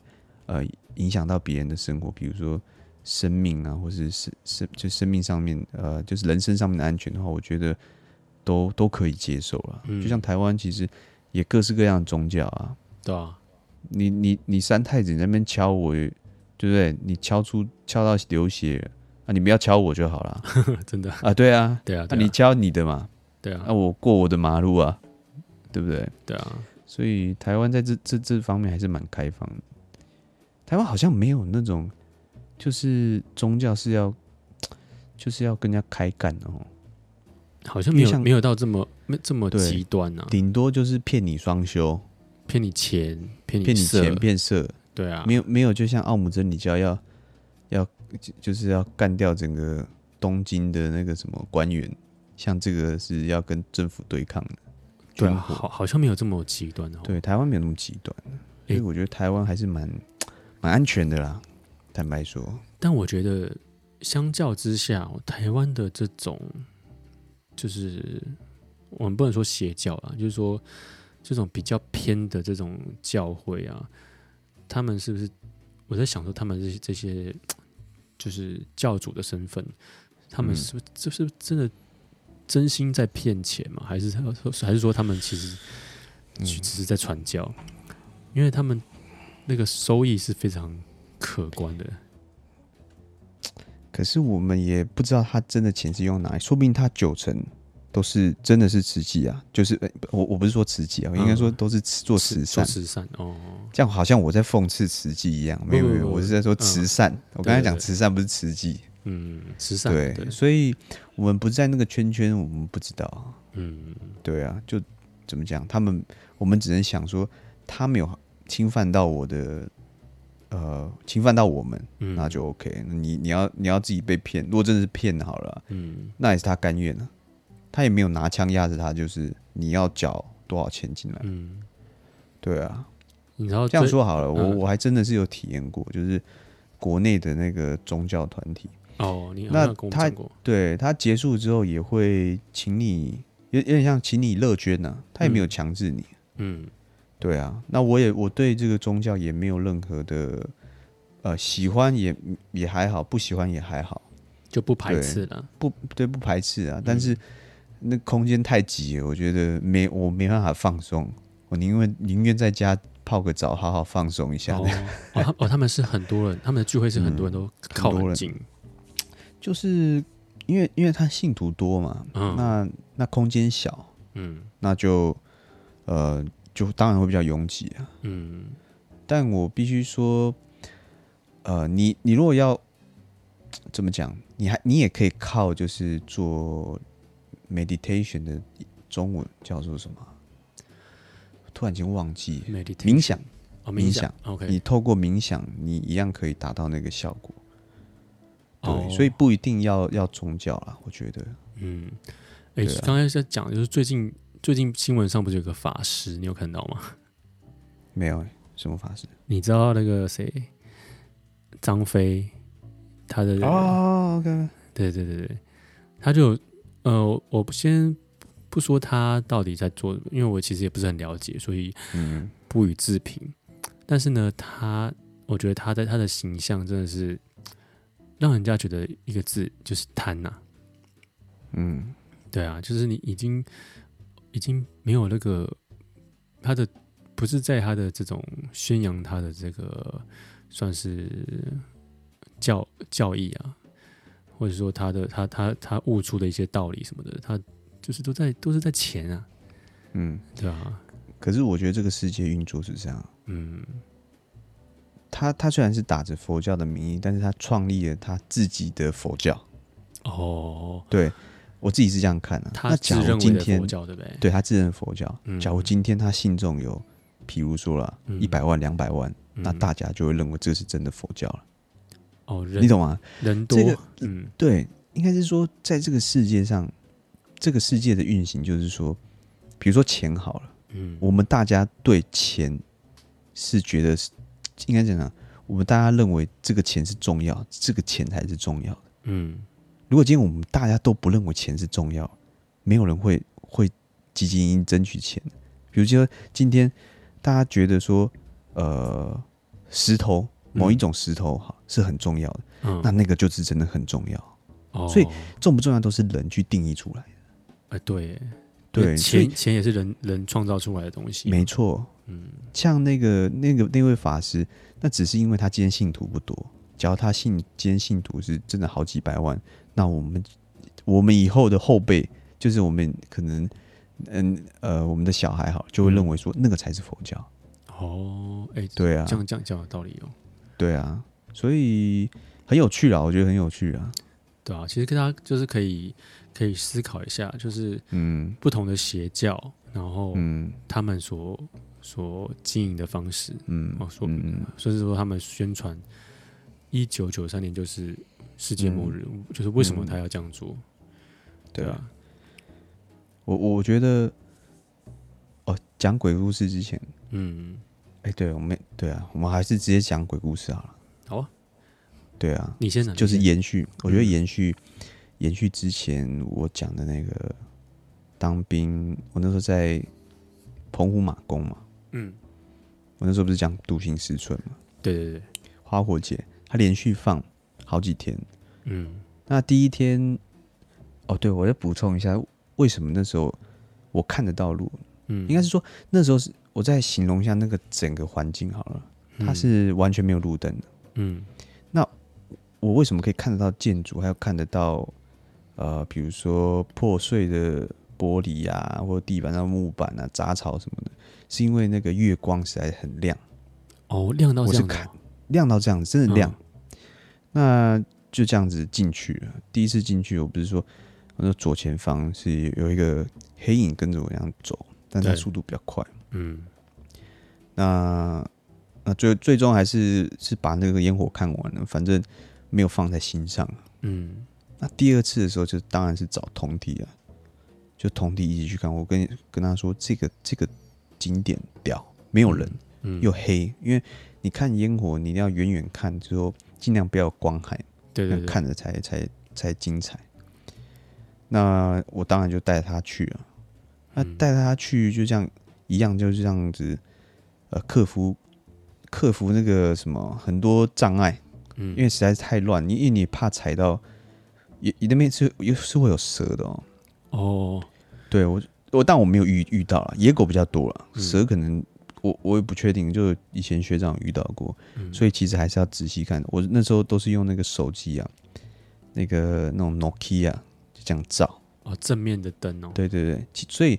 Speaker 2: 呃影響到別人的生活，比如說生命啊，或是生生就生命上面呃，就是人身上面的安全的話，我覺得都都可以接受了、嗯。就像台灣其實也各式各樣宗教啊，對啊，你你你三太子你在那邊敲我。對不對？你敲出敲到流血啊！你不要敲我就好了， 真的啊？對啊，對,啊,對啊,啊。你敲你的嘛，對啊。那、啊、我過我的馬路啊，對不對？對啊。所以台灣在這這這方面還是蠻開放的。台灣好像沒有那種，就是宗教是要，就是要跟人家開幹的哦。好像沒有像沒有到這麼沒這麼極端呢、啊。頂多就是騙你雙修，騙你錢，騙你騙你錢騙色。對啊，沒有沒有，就像奧姆真理教要要就是要幹掉整個東京的那個什麼官員，像這個是要跟政府對抗的。對啊，好好像沒有這麼極端哦。對，台灣沒有那麼極端，所以我覺得台灣還是蠻蠻、欸、安全的啦。坦白說，但我覺得相較之下，台灣的這
Speaker 1: 種就是我們不能說邪教啊，就是說這種比較偏的這種教會啊。他們是不是？我在想說，他們這這些就是教主的身份，他們是不就是，是真的真心在騙錢嗎？還是還是說他們其實只是在傳教？因為他們那個收益，是非常
Speaker 2: 可觀的。嗯嗯嗯嗯，可是我們也不知道他真的錢是用哪裡，說不定他九成。都是真的是慈濟啊，就是、欸、我我不是說慈濟啊，我應該說都是慈、呃、做慈善。做慈善哦，這樣好像我在諷刺慈濟一樣，沒有，沒、嗯、有，我是在說慈善。嗯、我剛才講慈善不是慈濟，嗯，慈善對，對，所以我們不在那個圈圈，我們不知道。嗯，對啊，就怎麼講，他們我們只能想說，他沒有侵犯到我的，呃，侵犯到我們，嗯、那就 OK 你。你你要你要自己被騙，如果真的是騙好了，嗯，那也是他甘願的、啊。他也沒有拿槍壓着他，就是你要繳多少錢進來。嗯，對啊，你然後這樣說好了，呃、我我還真的是有體驗過，就是國內的那個宗教團體哦，你
Speaker 1: 好像跟我們講過，那
Speaker 2: 他對他結束之後也會請你，有點像請你樂捐呢、啊，他也沒有強制你。嗯，對啊，那我也我對這個宗教也沒有任何的呃喜歡也，也也還好，不喜歡也還好，就不排斥了。不，對，不排斥啊，但是。嗯那空間太擠了，我覺得沒我沒辦法放鬆，我寧願寧願在家泡個澡，好好放鬆一下。哦，哦他們是很多人，他們的聚會是很多人，嗯、都靠很近，就是因為因為他信徒多嘛，嗯，那那空間小，嗯，那就呃就當然會比較擁擠啊，嗯，但我必須說，呃，你你如果要怎麼講，你還你也可以靠就是做。Meditation 的中文叫做什麼？突然間忘記、Meditation。冥想。oh, 冥想。Okay. 你透過冥想，你一樣可以達到那個效
Speaker 1: 果。對，oh. 所
Speaker 2: 以不一定要要宗教了，我覺得。嗯，
Speaker 1: 誒、欸，剛才在講，就是最近最近新聞上不是有個法師，你有看到嗎？沒有、欸，什麼法師？你知道那個誰，張飛，他的哦、那個 oh, okay. 對，對對對對，他就。呃，我先不說他到底在做，因為我其實也不是很了解，所以不予置評。嗯。但是呢，他我覺得他在他的形象真的是讓人家覺得一個字就是貪吶。啊。嗯，對啊，就是你已經已經沒有那個他的不是在他的這種宣揚他的這個算是教教義啊。或者說他的他他他悟出的
Speaker 2: 一些道理什麼的，他
Speaker 1: 就是都在都是在錢啊，嗯，
Speaker 2: 對啊。可是我覺得這個世界運作是這樣，嗯，他他雖然是打着佛教的名義，但是他創立了他自己的佛教。哦，對，我自己是這樣看的、啊。他自認為的佛教。那假如今天，對，對，對他自認佛教、嗯。假如今天他信眾有，譬如說了，一、嗯、百萬兩百萬、嗯，那大家就會認為這是真的佛教了。
Speaker 1: 哦人，你懂嗎？人多，這個、嗯，
Speaker 2: 對，應該是說，在這個世界上，這個世界的運行就是說，比如說錢好了，嗯，我們大家對錢是覺得是應該怎樣？我們大家認為這個錢是重要，這個錢才是重要的，嗯。如果今天我們大家都不認為錢是重要，沒有人會會積極積極爭取錢。比如說今天大家覺得說，呃，石頭。某一種石頭哈是很重要的，嗯,那那個就是真的很重要，嗯。所以重不重要都是人去定義出來的。哎，呃，對對，錢
Speaker 1: 錢也是人人創造出來的東西。沒錯，
Speaker 2: 嗯，像那個那個那位法師，那只是因為他今天信徒不多。只要他信，今天信徒是真的好幾百萬。那我們我們以後的後輩，就是我們可能嗯呃，呃我們的小孩哈就會認為說那個才是佛教。
Speaker 1: 嗯，哦，哎，欸，對啊，講講講的道理哦。
Speaker 2: 對啊，所以很有趣啊，我覺得很有趣啊，
Speaker 1: 對啊，其實跟他就是可以可以思考一下，就是
Speaker 2: 嗯，
Speaker 1: 不同的邪教，嗯、然後嗯，他們所所經營的方式，嗯，哦，說，甚至說他們宣傳，一九九三年就是世界末日、嗯，就是為什麼他要這樣做？嗯、
Speaker 2: 對啊，對我我覺得，哦，講鬼故事之前，嗯。哎、欸，對我們對啊，我們還是直接講鬼故事好了。好，啊，對啊，你先就是延續。我覺得延續、嗯、延續之前我講的那個當兵，我那時候在澎湖馬公嘛。嗯，我那時候不是講篤行十村嘛？對對對，花火節他連續放好幾天。嗯，那第一天哦，對，我再補充一下，為什麼那時候我看得到路？嗯，應該是說那時候是。我再形容一下那個整個環境好了、嗯，它是完全沒有路燈的。嗯，那我為什麼可以看得到建築，還有看得到呃，比如說破碎的玻璃呀、啊，或地板上木板啊、雜草什麼的，是因為那個月光實在是很亮。哦，亮到這樣我是看亮到這樣子，真的亮、嗯。那就這樣子進去了。第一次進去，我不是說，我說左前方是有一個黑影跟着我這樣走，但是速度比較快。嗯那，那那最最終還是是把那個煙火看完了，反正沒有放在心上。嗯，那第二次的時候就當然是找同梯了，就同梯一起去看。我跟跟他說，這個這個景點屌沒有人，嗯嗯、又黑，因為你看煙火，你要遠遠看，就是、說盡量不要光害，對對，對看，看着才才才精彩。那我當然就帶他去了，那帶他去就這樣。一樣就是這樣子，呃、克服克服那個什麼很多障礙、嗯，因為實在是太亂，因為你,你怕踩到，你的面，是也是會有蛇的哦。哦，對我我但我沒有遇遇到了野狗比較多啦、嗯，蛇可能我我也不確定，就以前學長遇到過、嗯，所以其實還是要仔細看。我那時候都是用那個手機啊，那個那種 Nokia 就這樣照哦，正面的燈哦，對對對，所以。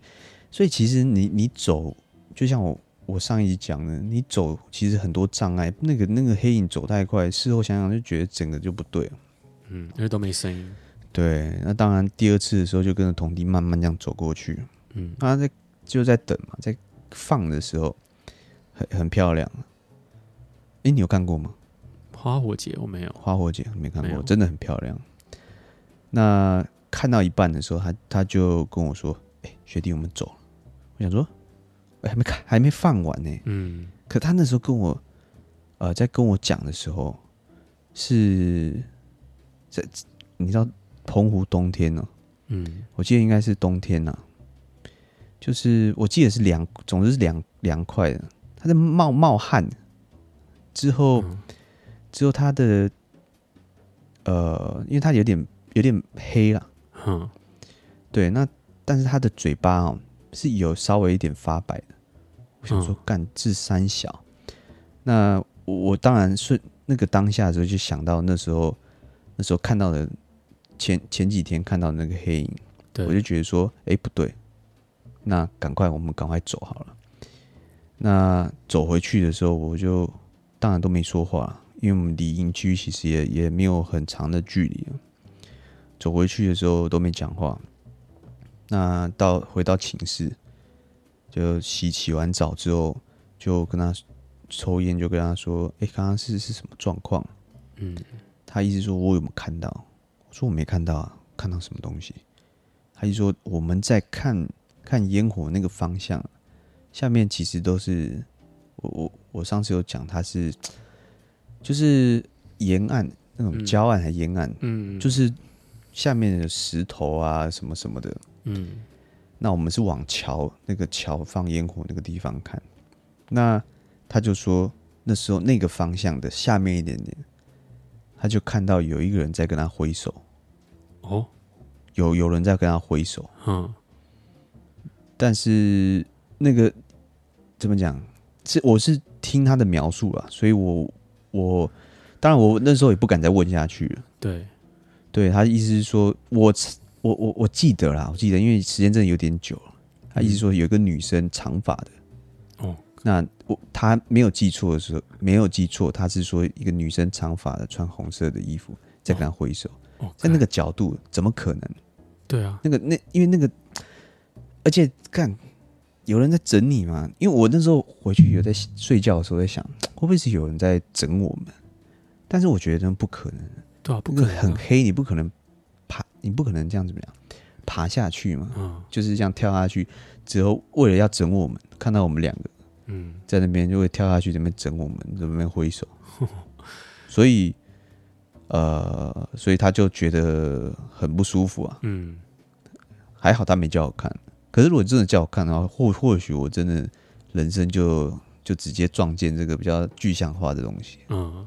Speaker 2: 所以其實你你走，就像我我上一集講的，你走其實很多障礙，那個那個黑影走太快，事後想想就覺得整個就不對了。嗯，
Speaker 1: 因為都沒聲音。
Speaker 2: 對，那當然第二次的時候就跟着童迪慢慢這樣走過去。嗯，那他在就在等嘛，在放的時候很很漂亮。誒，你有看過嗎？
Speaker 1: 花火
Speaker 2: 節我沒有，花火節沒看過，沒有，真的很漂亮。那看到一半的時候，他他就跟我說：“誒，學弟，我們走了。”我想說，還沒看，還沒放完呢。嗯，可他那時候跟我，呃，在跟我講的時候，是在，你知道，澎湖冬天呢、喔？嗯，我記得應該是冬天吶，就是我記得是涼，總之是涼涼快的。他在冒冒汗，之後、嗯、之後他的呃，因為他有點有點黑了，嗯，對，那但是他的嘴巴哦、喔。是有稍微一點發白的，我想說幹這三小，嗯、那我，我當然是那個當下的時候就想到那時候，那時候看到的前前幾天看到的那個黑影，我就覺得說，哎、欸、不對，那趕快我們趕快走好了。那走回去的時候，我就當然都沒說話，因為我們離營區其實也也沒有很長的距離，走回去的時候都沒講話。那到回到寢室，就洗洗完澡之後，就跟他抽煙，就跟他說：“哎、欸，剛剛是是什麼狀況？”嗯，他一直說：“我有沒有看到？”我說：“我沒看到啊，看到什麼東西？”他就說：“我們在看看煙火那個方向，下面其實都是我我我上次有講，他是就是沿岸那種礁岸還沿岸、嗯？就是下面的石頭啊什麼什麼的。”嗯，那我們是往橋那個橋放煙火那個地方看，那他就說那時候那個方向的下面一點點，他就看到有一個人在跟他揮手。哦，有有人在跟他揮手。
Speaker 1: 嗯，
Speaker 2: 但是那個怎麼講？是我是聽他的描述啊，所以我，我我當然我那時候也不敢再問下去了。對，對，他意思是說我。我我我記得啦，我記得，因為時間真的有點久了。他一直說有一個女生長髮的，哦、嗯，那我他沒有記錯的時候，沒有記錯，他是說一個女生長髮的，穿紅色的衣服在跟他揮手，在、哦、那個角度怎麼可能？對、哦、啊、okay，那個那因為那個，而且看有人在整你嘛，因為我那時候回去有在睡覺的時候在想、嗯，會不會是有人在整我們？但是我覺得真的不可能，對啊，不可能，那個，很黑，你不可能。爬，你不可能這樣怎麼樣爬下去嘛，哦。就是這樣跳下去，之後為了要整我們，看到我們兩個，嗯，在那邊就會跳下去，這邊整我們，那邊揮手呵呵，所以，呃，所以他就覺得很不舒服啊。嗯，還好他沒叫我看，可是如果真的叫我看的話，或或許我真的人生就就直接撞見這個比較具象化的東西。嗯，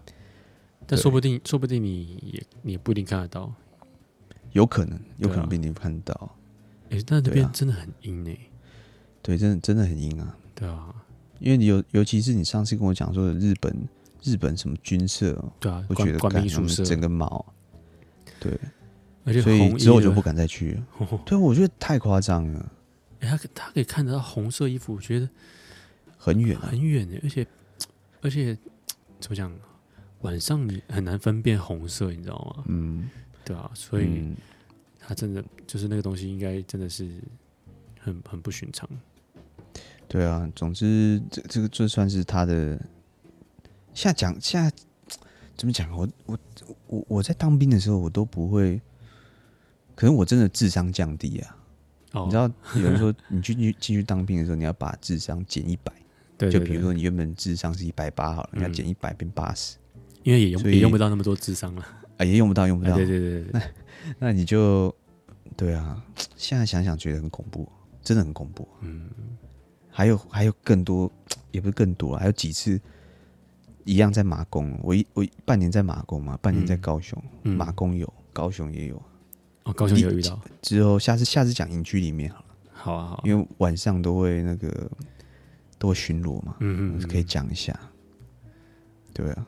Speaker 2: 但
Speaker 1: 說不定，說不定你也你也不一定看得到。
Speaker 2: 有可能，有可能被你看到。哎、啊，但這邊真的很陰呢、欸。對，真的真的很陰啊。對啊，因為你尤尤其是你上次跟我講說的日本日本什麼軍色，對啊，我覺得感覺整個毛。對，而且紅所以之後就不敢再去了、哦。對，我覺得太誇張了。
Speaker 1: 哎，他他可以看得到紅色衣服，我覺得很遠，很遠，很遠而且而且怎麼講？晚上很難分辨紅色，你知道嗎？嗯。對啊，所以他真的、嗯、就是那個東西，應該真的是很很不尋常。
Speaker 2: 對啊，總之這這個就算是他的。現在講，現在怎麼講？我我我我在當兵的時候，我都不會。可能我真的智商降低啊！哦、你知道，有人說你去去進 去當兵的時候，你要把智商減一百。對，就比如說你原本智商是一百八，好了，嗯、你要減一百變八十，因為也用也用不到那麼多智商了。啊，也用不到，用不到、哎。對對對對，對那，那那你就，對啊，現在想想覺得很恐怖，真的很恐怖、啊。嗯，還有還有更多，也不是更多、啊，還有幾次一樣在馬公，我一我一半年在馬公嘛，半年在高雄，嗯、馬公有、嗯，高雄也有。哦，高雄也有遇到一之後下次下次講營區裡面好了。好啊好啊。因為晚上都會那個，都會巡邏嘛。嗯，嗯嗯。可以講一下。對啊，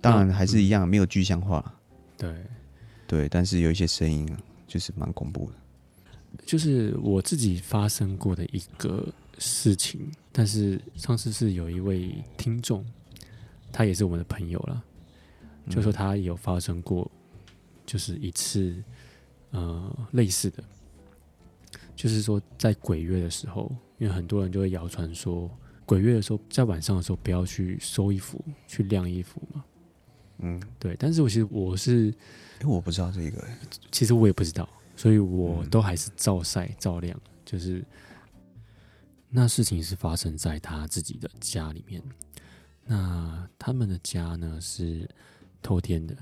Speaker 2: 當然還是一樣，沒有具象化。對，對，但是有一些聲音就是蠻恐怖
Speaker 1: 的。就是我自己發生過的一個事情，但是上次是有一位聽眾，他也是我們的朋友了，就是說他有發生過，就是一次，呃，類似的，就是說在鬼月的時候，因為很多人就會謠傳說，鬼月的時候在晚上的時候不要去收衣服、去晾衣服嘛。嗯，對，但是我其實我是，因為我不知道這個，其實我也不知道，所以我都還是照曬照亮。就是那事情是發生在他自己的家裡面，那他們的家呢是透天的，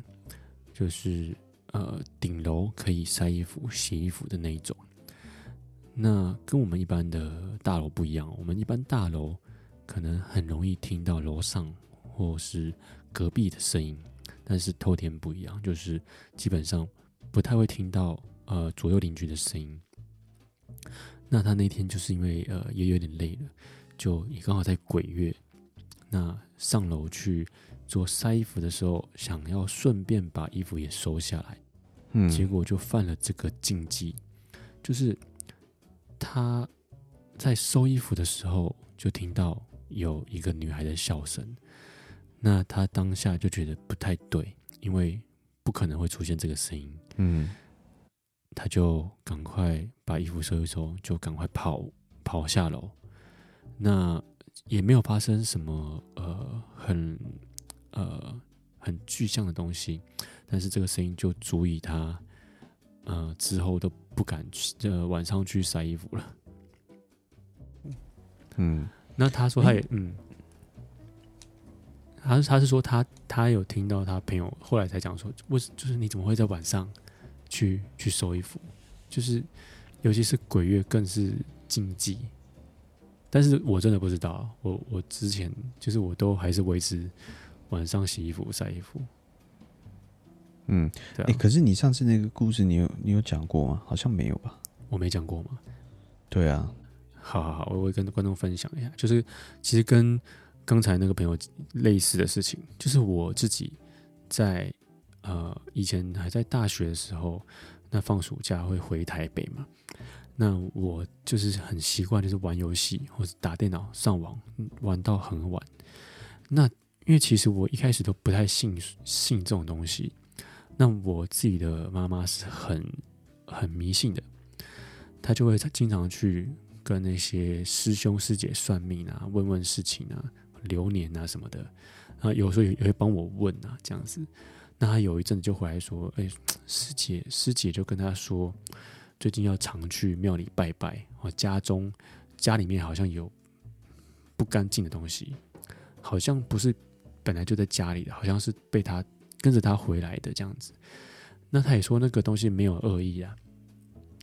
Speaker 1: 就是呃頂樓可以曬衣服、洗衣服的那一種。那跟我們一般的大樓不一樣，我們一般大樓可能很容易聽到樓上或是。隔壁的聲音，但是頭天不一樣，就是基本上不太會聽到呃左右鄰居的聲音。那他那天就是因為呃也有點累了，就也剛好在鬼月，那上樓去做曬衣服的時候，想要順便把衣服也收下來，嗯，結果就犯了這個禁忌，就是他在收衣服的時候就聽到有一個女孩的笑聲。那他當下就覺得不太對，因為不可能會出現這個聲音。嗯，他就趕快把衣服收一收，就趕快跑跑下樓。那也沒有發生什麼呃很呃很具象的東西，但是這個聲音就足以他呃之後都不敢去呃晚上去曬衣服了。嗯，那他說他也嗯。嗯他他是說他他有聽到他朋友後來才講說，為什，就是你怎麼會在晚上去，去去收衣服，就是尤其是鬼月更是禁忌，但是我真的不知道，我我之前就是我都還是維持晚上洗衣服曬衣服，
Speaker 2: 嗯，對啊、欸。可是你上次那個故事你，你有你有講過嗎？好像沒有吧？我沒講過嗎？對啊，好好好，我我跟觀眾分享一下，就是其
Speaker 1: 實跟。剛才那個朋友類似的事情，就是我自己在呃，以前還在大學的時候，那放暑假會回台北嘛，那我就是很習慣，就是玩遊戲或者打電腦上網玩到很晚。那因為其實我一開始都不太信信這種東西，那我自己的媽媽是很很迷信的，她就會經常去跟那些師兄師姐算命啊，問問事情啊。流年啊什麼的，啊，有時候也會幫我問啊，這樣子。那他有一陣子就回來說：“哎、欸，師姐，師姐就跟他說，最近要常去廟裡拜拜。家中家裡面好像有不乾淨的東西，好像不是本來就在家裡的，好像是被他跟着他回來的這樣子。那他也說那個東西沒有惡意啊，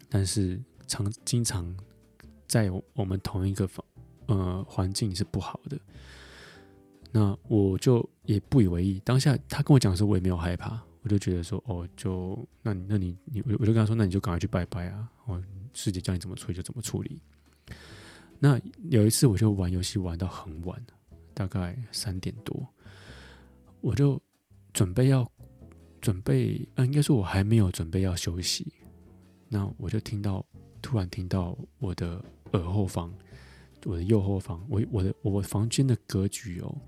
Speaker 1: 但是常經常在我們同一個呃，環境是不好的。”那我就也不以為意。當下他跟我講的時候，我也沒有害怕，我就覺得說，哦，就那那你那你，你我就跟他說，那你就趕快去拜拜啊！我師姐叫你怎麼處理就怎麼處理。那有一次我就玩遊戲玩到很晚，大概三點多，我就準備要準備，呃、啊，應該說我還沒有準備要休息。那我就聽到突然聽到我的耳後方，我的右後方，我我的我房間的格局哦。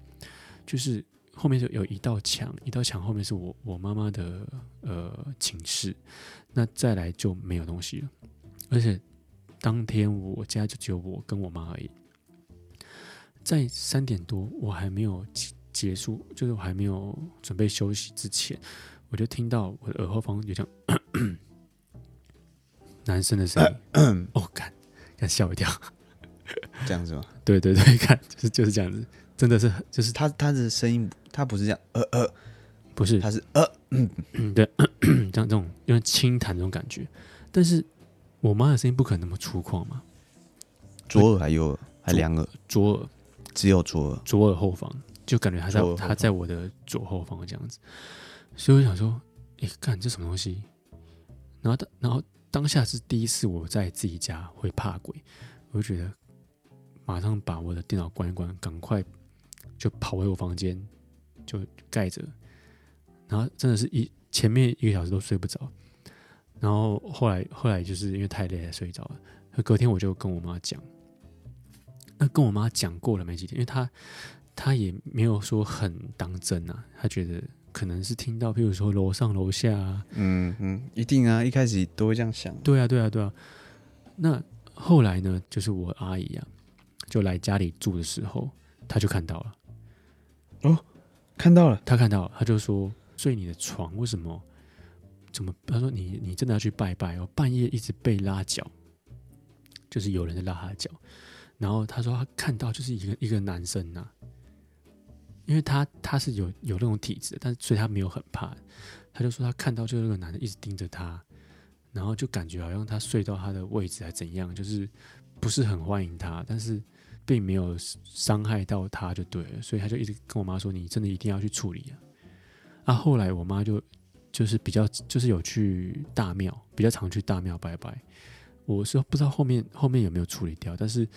Speaker 1: 就是後面就有一道牆，一道牆後面是我我媽媽的呃寢室，那再來就沒有東西了。而且當天我家就只有我跟我媽而已。在三點多，我還沒有結束，就是我還沒有準備休息之前，我就聽到我的耳後方有這樣咳咳男生的聲音、呃咳。哦，感感笑不掉， 這樣子嗎？對對對，看就是就是這樣子。真的是，就是他他，他的聲音，他不是這樣，呃呃，不是，他是呃，嗯對，這樣這種，因為輕彈這種感覺，但是我媽的聲音不可能那麼粗獷嘛。
Speaker 2: 左耳還右耳，還兩耳，左耳，只有左耳，左耳後方，就感覺他在，他在
Speaker 1: 我的左後方這樣子，所以我想說，誒，幹，這什麼東西？然後當然後當下是第一次我在自己家會怕鬼，我就覺得馬上把我的電腦關一關，趕快。就跑回我房間，就蓋着，然後真的是一前面一個小時都睡不着，然後後來後來就是因為太累才睡着了。隔天我就跟我媽講，那跟我媽講過了沒幾天，因為她她也沒有說很當真啊，她覺得可能是聽到，譬如說樓上樓下啊，嗯嗯，一定啊，一開始都會這樣想，對啊對啊對啊。那後來呢，就是我阿姨啊，就來家裡住的時候，她就看到了。哦，看到了，他看到了，他就說睡你的床為什麼？怎麼？他說你你真的要去拜拜哦？半夜一直被拉腳，就是有人在拉他的腳。然後他說他看到就是一個一個男生吶啊，因為他他是有有那種體質，但是所以他沒有很怕。他就說他看到就是那個男的一直盯着他，然後就感覺好像他睡到他的位置還怎樣，就是不是很歡迎他，但是。並沒有傷害到他就對了，所以他就一直跟我媽說：“你真的一定要去處理啊！”啊，後來我媽就就是比較就是有去大廟，比較常去大廟拜拜。我是不知道後面後面有沒有處理掉，但是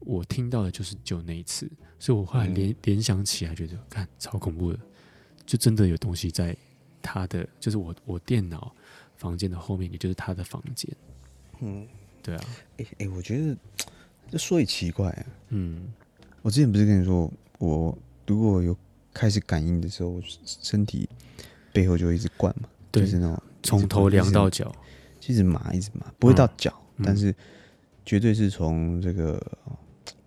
Speaker 1: 我聽到的就是就那一次，所以我後來聯聯想起來，覺得看超恐怖的，就真的有東西在他的，就是我我電腦房間的後面，也就是他的房間。嗯，
Speaker 2: 對啊，誒、欸、誒，我覺得。這說也奇怪啊！嗯，我之前不是跟你說，我如果有開始感應的時候，我身體背後就會一直灌嘛，對，就是那種從頭涼到腳，一直麻，一直麻，嗯、不會到腳，但是絕對是從這個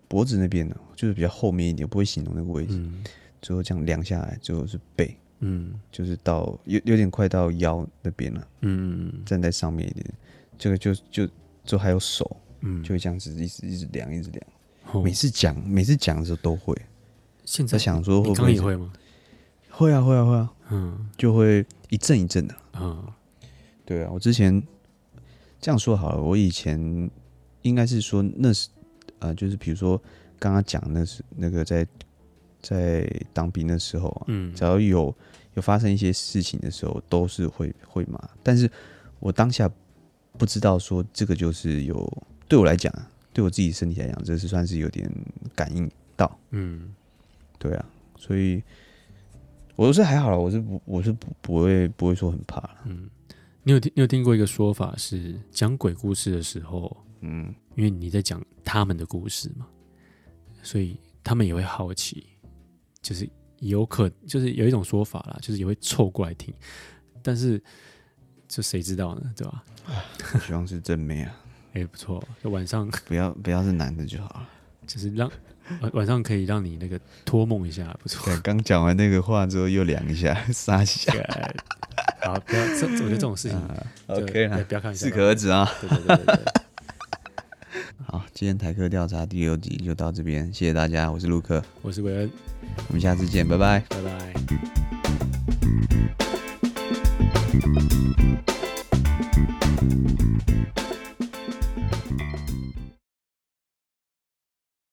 Speaker 2: 脖子那邊的、啊，就是比較後面一點，不會形容那個位置。嗯、最後這樣涼下來，最後是背，嗯，就是到有有點快到腰那邊了、啊，嗯，站在上面一點，這個就就就還有手。嗯，就會這樣子一直一直量，一直量。每次講，每次講的時候都會。現在想說，剛剛也會嗎？會啊，會啊，會啊。嗯，就會一陣一陣的。啊、嗯，對啊。我之前這樣說好了，我以前應該是說那是呃，就是比如說剛剛講那是那個在在當兵的時候啊，嗯，只要有有發生一些事情的時候，都是會會麻。但是我當下不知道說這個就是有。對我來講啊，對我自己身體來講，這是算是有點感應到。嗯，對啊，所以我都是還好了，我是不，我是不不會不會說很怕。嗯，
Speaker 1: 你有聽你有聽過一個說法是講鬼故事的時候，嗯，因為你在講他們的故事嘛，所以他們也會好奇，就是有可就是有一種說法啦，就是也會湊過來聽，但是這誰知道呢？對吧？ 希望是正妹啊。哎、欸，
Speaker 2: 不錯，就晚上不要不要是男的就好了，就是讓晚晚上可以讓你那個托夢一下，不錯。對，剛講完那個話之後又涼一下，撒起來。 好，不要，我覺得這種事情、啊、就可以了，不要看，適可而止啊。 對對對對對 好，今天台客調查第六集就到這邊，謝謝大家，我是陸克，我是偉恩，我們下次見，拜拜。拜拜拜拜。